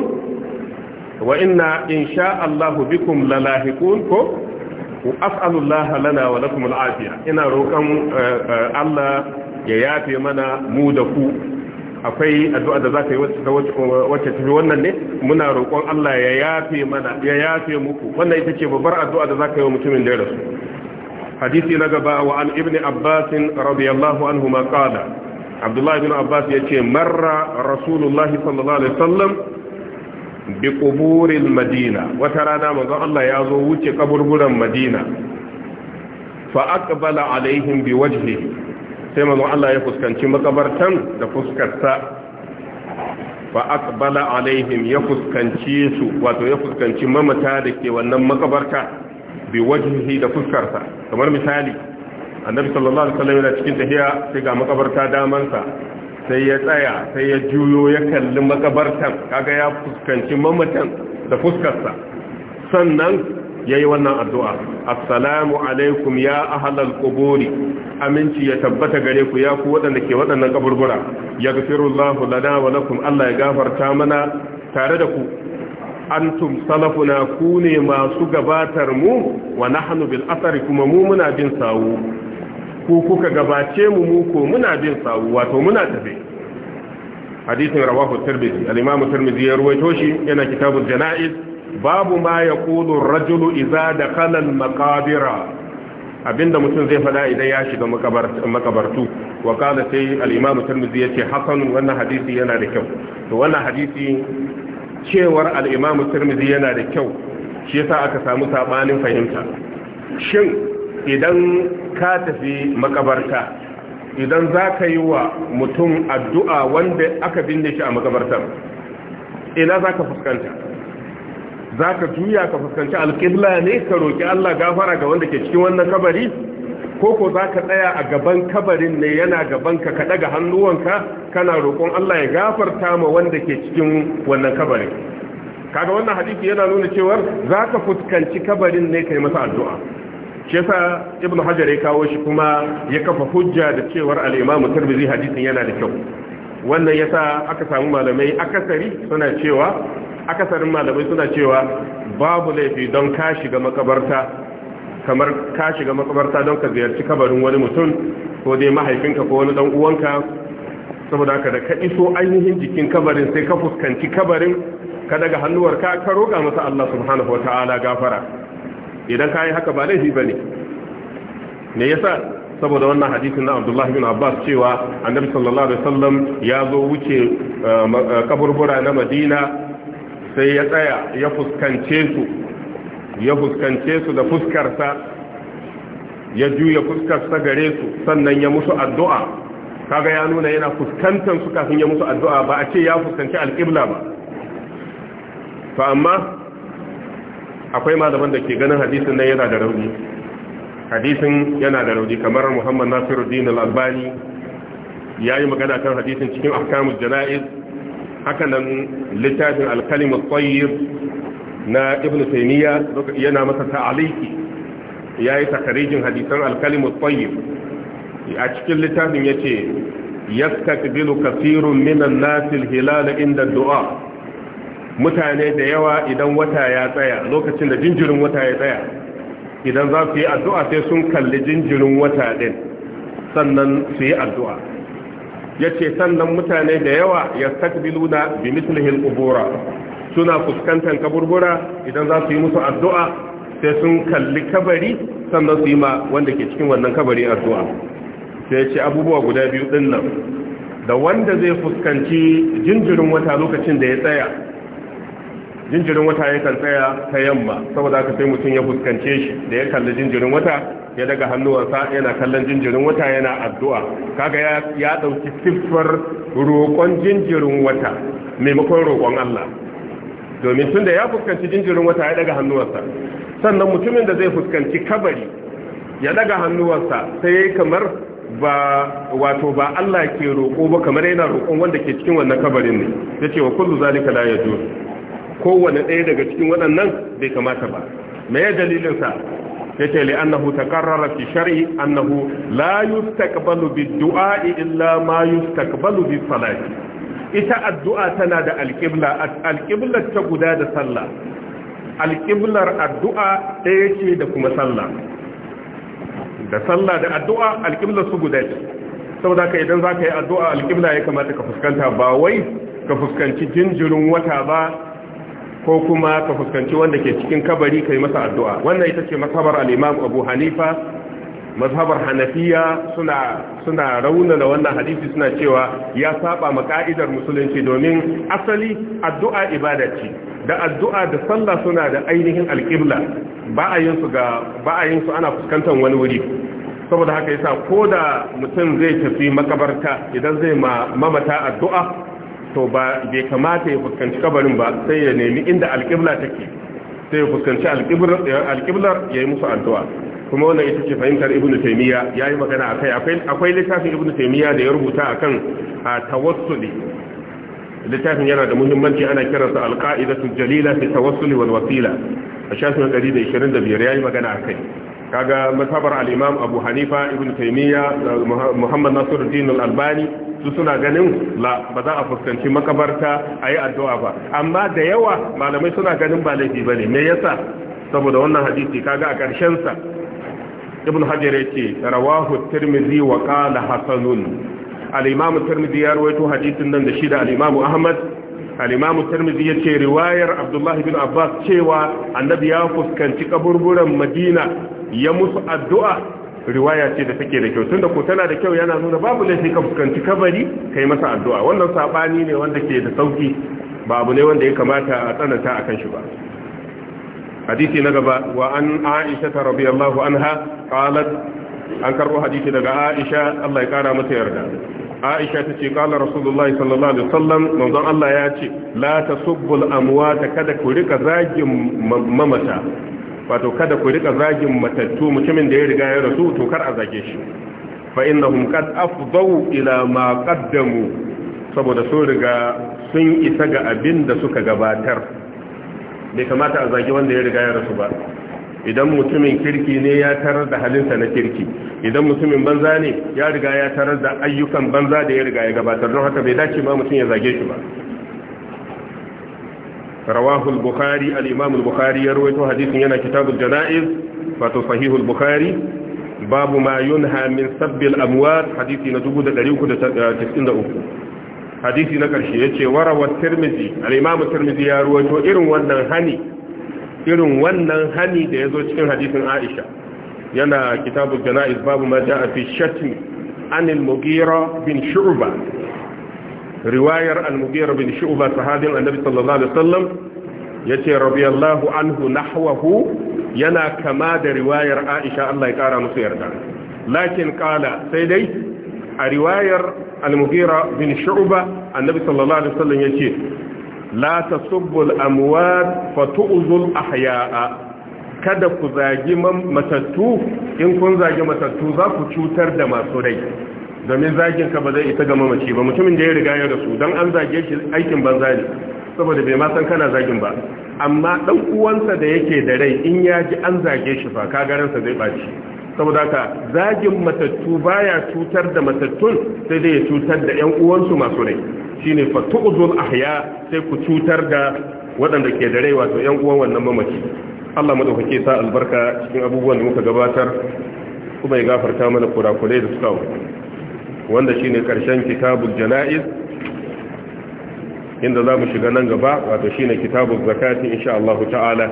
wa inna insha Allah bikum lalahiqun ko as'alu Allah lana wa lakum al ina roƙon eh, eh, Allah ya yafe mana mu da ku akwai addu'a da za ka yi wacce tafi wannan ne muna roƙon Allah ya yafe mana ya yafe muku wannan ita ce babbar addu'a da za ka yi wa mutumin da ya rasu hadisi na gaba wa an ibni abbas radiyallahu anhu ma qala abdullah ibn abbas yace marra rasulullahi sallallahu alaihi wasallam bi quburil madina wata rana manzo Allah ya zo wuce kaburburan madina fa aqbala alaihim bi wajhihi sai manzon Allah ya fuskanci makabartan da fuskarsa fa Bala alaihim ya fuskanci su wato ya fuskanci mamata da ke wannan makabarta bi wajihi da fuskarsa kamar misali annabi sallallahu alaihi wasallam yana cikin tahiya sai ga makabarta damansa sai ya tsaya sai ya juyo ya kalli makabartan kaga ya fuskanci mamatan da fuskarsa sannan Ya yi wannan addu'a assalamu alaikum ya ahlal quburi aminci ya tabbata gare ku ya ku wadanda ke wadannan kaburbura yaghfirullahu lana wa lakum Allah ya gafarta mana tare da ku antum salafuna ku ne masu gabatar mu wa nahnu bil asari kuma mu muna bin sawu ku kuka gabace mu mu ko muna bin sawu wato muna tafe hadisin rawahu tirmidhi al-imam tirmidhi ya ruwaito shi yana kitabul janaiz babu ma ya kudu rajulu iza da kanan makabira abinda mutum zai fada idan ya shiga makabartu wa kana sai al'imamu tarmizi ya ce Hassan wannan hadisi yana da kyau to wannan hadisi cewar al'imamu tarmizi yana da kyau shi yasa aka samu sabanin fahimta shin idan ka tafi makabarta idan za ka yi wa mutum addu'a wanda aka binne shi a makabartar ina za ka fuskanta za ka juya ka fuskanci alƙibla ne ka roƙi Allah gafara ga wanda ke cikin wannan kabari ko ko za ka tsaya a gaban kabarin ne yana gaban ka ka ɗaga hannuwanka kana roƙon Allah ya gafarta ma wanda ke cikin wannan kabarin kaga wannan hadisi yana nuna cewa za ka fuskanci kabarin ne kai masa addu'a shi yasa ibn hajar ya kawo shi kuma ya kafa hujja da cewar al-imamu tirmidhi hadisin yana da kyau wannan yasa aka samu malamai akasari suna cewa akasarin malamai suna cewa babu laifi don ka shiga makabarta kamar ka shiga makabarta don ka ziyarci kabarin wani mutum ko dai mahaifinka ko wani dan uwanka saboda haka da ka iso ainihin jikin kabarin sai ka fuskanci kabarin ka daga hannuwarka ka roƙa masa Allah subhanahu wataala gafara idan ka yi haka ba laifi bane me yasa saboda wannan hadisin na Abdullah bin Abbas cewa Annabi sallallahu alaihi wasallam ya zo wuce eh, eh, kaburbura na Madina sai ya tsaya ya fuskance su ya fuskance su da fuskarsa ya juya fuskarsa gare su sannan ya musu addu'a kaga ya nuna yana fuskantar su kafin ya musu addu'a ba a ce ya fuskanci al'ibla ba fa amma akwai malaman da ke ganin hadisin nan yana da rauni hadisin yana da rauni kamar Muhammad Nasiruddin Al-Albani yayi magana kan hadisin cikin ahkamul jana'iz haka nan littafin alkalimus tsayyib na ibn taymiya yana masa ta'aliki yayi takarijin hadisan alkalimus tsayyib a cikin littafin yace yastakbilu kasirun minan Nasil alhilal inda du'a mutane da yawa idan wata ya tsaya lokacin da jinjirin wata ya tsaya idan za su yi addu'a sai sun kalli jinjirin wata din sannan su yi addu'a yace sannan mutane da yawa ya yastakbiluna bi mislihi al-qubura suna fuskantar kaburbura idan za su yi musu addu'a sai sun kalli kabari sannan su yi ma wanda ke cikin wannan kabari addu'a sai ce abubuwa guda biyu din nan da wanda zai fuskanci jinjirin wata lokacin da ya tsaya jinjirin wata yakan tsaya ta yamma saboda haka sai mutum ya fuskance shi da ya kalli jinjirin wata ya daga hannuwansa yana kallon jinjirin wata yana addu'a kaga ya ɗauki siffar roƙon jinjirin wata maimakon roƙon Allah domin tun da ya fuskanci jinjirin wata ya daga hannuwansa sannan mutumin da zai fuskanci kabari ya daga hannuwansa sai ya kamar ba wato ba Allah ke roƙo ba kamar yana roƙon wanda ke cikin wannan kabarin ne ya ce wa kullu zalika la yajuz kowanne ɗaya daga cikin waɗannan bai kamata ba me ya dalilinsa yace li annahu taqarrara fi shar'i annahu la yustaqbalu bi duai illa ma yustaqbalu bi salati ita addu'a tana da alqibla alqiblar ta guda da sallah alqiblar addu'a ɗaya ce da kuma sallah da sallah da addu'a alqiblar su guda ce saboda ka idan zaka yi addu'a alqibla ya kamata ka fuskanta ba wai ka fuskanci jinjirin wata ba ko kuma ka fuskanci wanda ke cikin kabari kai masa addu'a wannan ita ce masabar al-Imam Abu Hanifa mazhabar hanafiya suna suna da wannan hadisi suna cewa ya saba ma ka'idar musulunci domin asali addu'a ibada ce da addu'a da sallah suna da ainihin alqibla ba a yin su ga ba a yin su ana fuskantar wani wuri saboda haka yasa koda mutum zai tafi makabarta idan zai ma mamata addu'a to ba bai kamata ya fuskanci kabarin ba sai ya nemi inda alƙibla take sai ya fuskanci alƙiblar ya yi musu addu'a kuma wannan ita ce fahimtar ibnu taymiya yi magana a kai akwai littafin ibnu taymiya da ya rubuta akan tawassuli littafin yana da muhimmanci ana kiransa alƙa'idatu jalila fi tawassuli wal wasila a shafin 125 yi magana a kai. kaga masabar al-imam abu hanifa ibn taymiya muhammad nasiruddin al-albani su suna ganin la ba za a fuskanci makabarta a yi addu'a ba amma da yawa malamai suna ganin ba laifi ne, me yasa saboda wannan hadisi kaga a karshen sa ibn hajar yake rawahu tirmidhi wa qala hasanun al-imam tirmidhi ya rawaito hadisin nan da shi da al-imam ahmad al-imam tirmidhi yace riwayar abdullah ibn abbas cewa annabi ya fuskanci kaburburan madina ya musu addu'a riwaya ce da take da kyau tunda ko tana da kyau yana nuna babu laifi ka fuskanci kabari kai masa addu'a wannan saɓani ne wanda ke da sauki abu ne wanda ya kamata a tsananta akan shi ba hadisi na gaba wa an Aisha radiyallahu anha qalat an karbo hadisi daga Aisha Allah ya ƙara mata yarda Aisha ta ce kala Rasulullahi sallallahu alaihi wasallam manzon Allah ya ce la amuwa ta kada ku rika zagin mamata wato kada ku rika zagin matattu mutumin da ya riga ya rasu to kar a zage shi fa innahum qad afdau ila ma qaddamu saboda sun riga sun isa ga abin da suka gabatar bai kamata a zage wanda ya riga ya rasu ba idan mutumin kirki ne ya tarar da halinsa na kirki idan mutumin banza ne ya riga ya tarar da ayyukan banza da ya riga ya gabatar don haka bai dace ba mutum ya zage shi ba رواه البخاري الإمام البخاري يروي حديث ينا كتاب الجنائز فتصحيح البخاري باب ما ينهى من سب الأموات حديث نجوب دليوك تسئن دأوك حديث نكرشي يتشي وروى الترمذي الإمام الترمذي يروي إرن ونن هني إرن ونن هني ديزو تشكين حديث عائشة ينا كتاب الجنائز باب ما جاء في الشتم عن المغيرة بن شعبة riwayar al-mughira bin shu'ba sahabin annabi sallallahu alaihi wasallam yace radiyallahu anhu nahwahu yana kama da riwayar Aisha Allah ya kara musu yarda lakin qala sai dai a riwayar al-mughira bin shu'ba annabi sallallahu alaihi wasallam yace la tasubbu al-amwat fatu'zul ahya'a kada ku zagi matattu in kun zagi matattu za ku cutar da masu rai domin zagin ka ba zai isa ga mamaci ba mutumin da ya riga ya rasu don an zage shi aikin banza ne saboda bai ma san kana zagin ba amma dan uwansa da yake da rai in ya ji an zage shi fa kagaransa zai baci saboda ka zagin matattu baya cutar da matattun sai dai cutar da 'yan uwansu masu rai shine fa tu'zul ahya sai ku cutar da waɗanda ke da rai wato 'yan uwan wannan mamaci Allah madaukake sa albarka cikin abubuwan da muka gabatar kuma ya gafarta mana kurakurai da suka wuce wanda shine karshen kitabul janaiz inda zamu shiga nan gaba wato shine kitabul zakati insha Allah ta'ala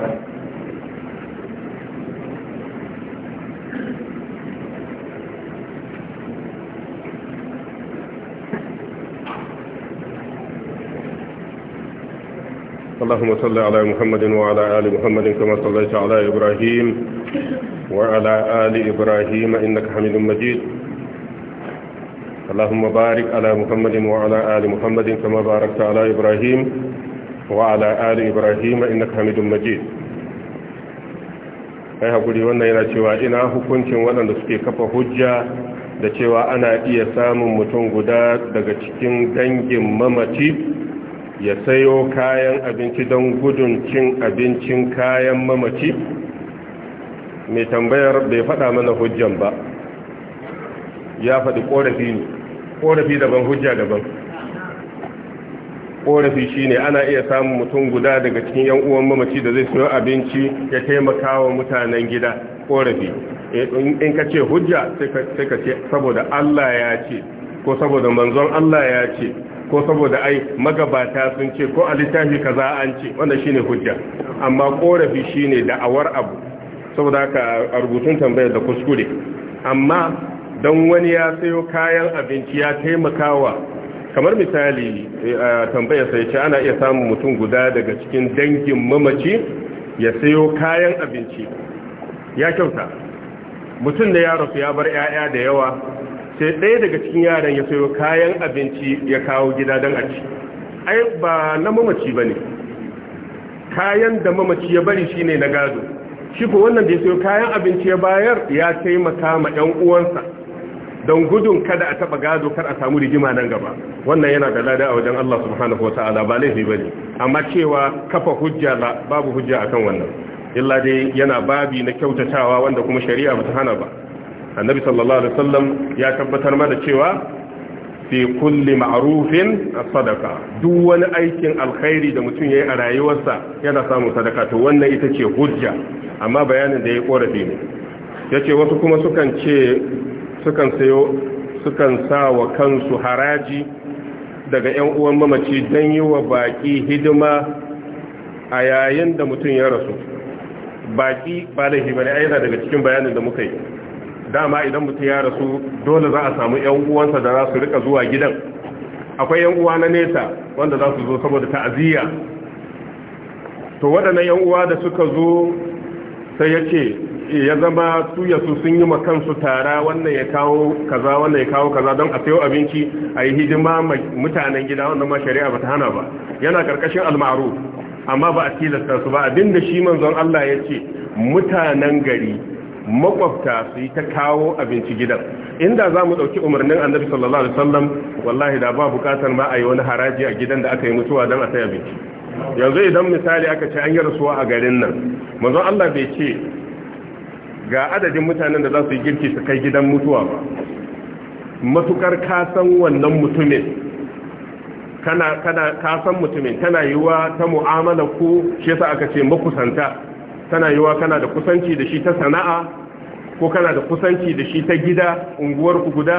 اللهم صل على محمد وعلى آل محمد كما صليت على إبراهيم وعلى آل إبراهيم إنك حميد مجيد اللهم بارك على محمد وعلى آل محمد كما باركت على إبراهيم وعلى آل إبراهيم إنك حميد مجيد ai hakuri wannan yana cewa ina hukuncin waɗanda suke kafa hujja da cewa ana iya samun mutum guda daga cikin dangin mamaci ya sayo kayan abinci don gudun cin abincin kayan mamaci mai tambayar bai faɗa mana hujjan ba ya faɗi ƙorafi ne korafi daban hujja daban korafi shine ana iya samun mutum guda daga cikin yan uwan mamaci da zai siyo abinci ya taimaka wa mutanen gida korafi eh, in ka ce hujja sai ka ce saboda Allah ya ce ko saboda manzon Allah ya ce ko saboda ai magabata sun ce ko a littafi kaza an ce wannan shine hujja amma korafi shine da'awar abu saboda ka rubutun tambayar da kuskure amma don wani ya sayo kayan abinci ya taimakawa kamar misali eh, tambayar sai ce ana iya samun mutum guda daga cikin dangin mamaci ya sayo kayan abinci ya kyauta mutum da yaro rasu ya bar 'ya'ya da yawa sai ɗaya daga cikin yaron ya sayo kayan abinci ya kawo gida don a ci ai ba na mamaci ba ne kayan da mamaci ya bari shine na gado shi ko wannan da ya sayo kayan abinci ya bayar ya taimaka ma 'yan uwansa don gudun kada a taba gado kar a samu rigima nan gaba wannan yana da lada a wajen Allah subhanahu ta'ala ba laifi bane amma cewa kafa hujja la babu hujja akan wannan illa dai yana babi na kyautatawa wanda kuma shari'a bata hana ba annabi sallallahu alaihi wasallam ya tabbatar mana cewa fi kulli ma'rufin sadaka duk wani aikin alkhairi da mutum yayi a rayuwarsa yana samun sadaka to wannan ita ce hujja amma bayanin da ya korafi ne yace wasu kuma sukan ce sukan sayo sukan sa wa kansu haraji daga 'yan uwan mamaci don yi wa baƙi hidima a yayin da mutum ya rasu baƙi ba da hibar ne daga cikin bayanin da muka yi dama idan mutum ya rasu dole za a samu 'yan uwansa da za su rika zuwa gidan akwai 'yan uwa na nesa wanda za su zo saboda ta'aziyya to waɗannan 'yan uwa da suka zo sai ya ce ya zama su sun yi ma kansu tara wannan ya kawo kaza wannan ya kawo kaza don a sayo abinci a yi hidima mutanen gida wannan ma shari'a ta hana ba yana karkashin almaru amma ba a tilasta su ba da shi manzon Allah ya ce mutanen gari makwabta su yi ta kawo abinci gidan inda za mu ɗauki umarnin annabi sallallahu alaihi wasallam wallahi da ba bukatar ma a yi wani haraji a gidan da aka yi mutuwa don a sayi abinci yanzu idan misali aka ce an yi rasuwa a garin nan manzon Allah bai ce ga adadin mutanen da za su yi girki su kai gidan mutuwa ba matukar kasan wannan mutumin kana kana kasan mutumin tana yiwa ta mu'amala ku shi yasa aka ce makusanta tana yiwa kana da kusanci da shi ta sana'a ko kana da kusanci da shi ta gida unguwar ku guda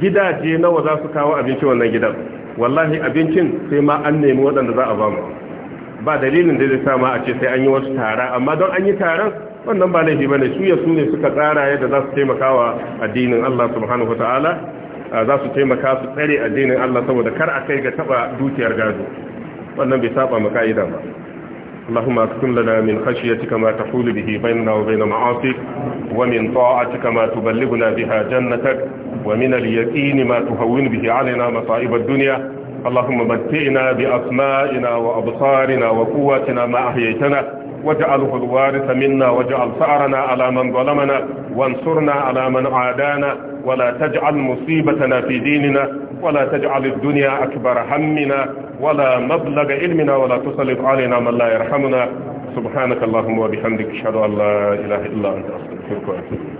gidaje nawa za su kawo abinci wannan gidan wallahi abincin sai ma an nemi waɗanda za a ba mu ba dalilin da zai ma a ce sai an yi wasu tara amma don an yi taron wannan ba laifi bane su ya su ne suka tsara yadda za su taimaka wa addinin Allah subhanahu wataala za su taimaka su tsare addinin Allah saboda kar a kai ga taba dukiyar gado wannan bai saba mu ka'ida ba اللهم اكتم لنا من خشيتك ما تحول به بيننا وبين معاصيك ومن طاعتك ما تبلغنا بها جنتك ومن اليقين ما تهون به علينا مصائب الدنيا اللهم متئنا بأسمائنا وأبصارنا وقواتنا ما أحييتنا واجعله الوارث منا واجعل ثأرنا على من ظلمنا وانصرنا على من عادانا ولا تجعل مصيبتنا في ديننا ولا تجعل الدنيا أكبر همنا ولا مبلغ علمنا ولا تسلط علينا من لا يرحمنا سبحانك اللهم وبحمدك اشهد ان لا اله الا انت استغفرك واتوب اليك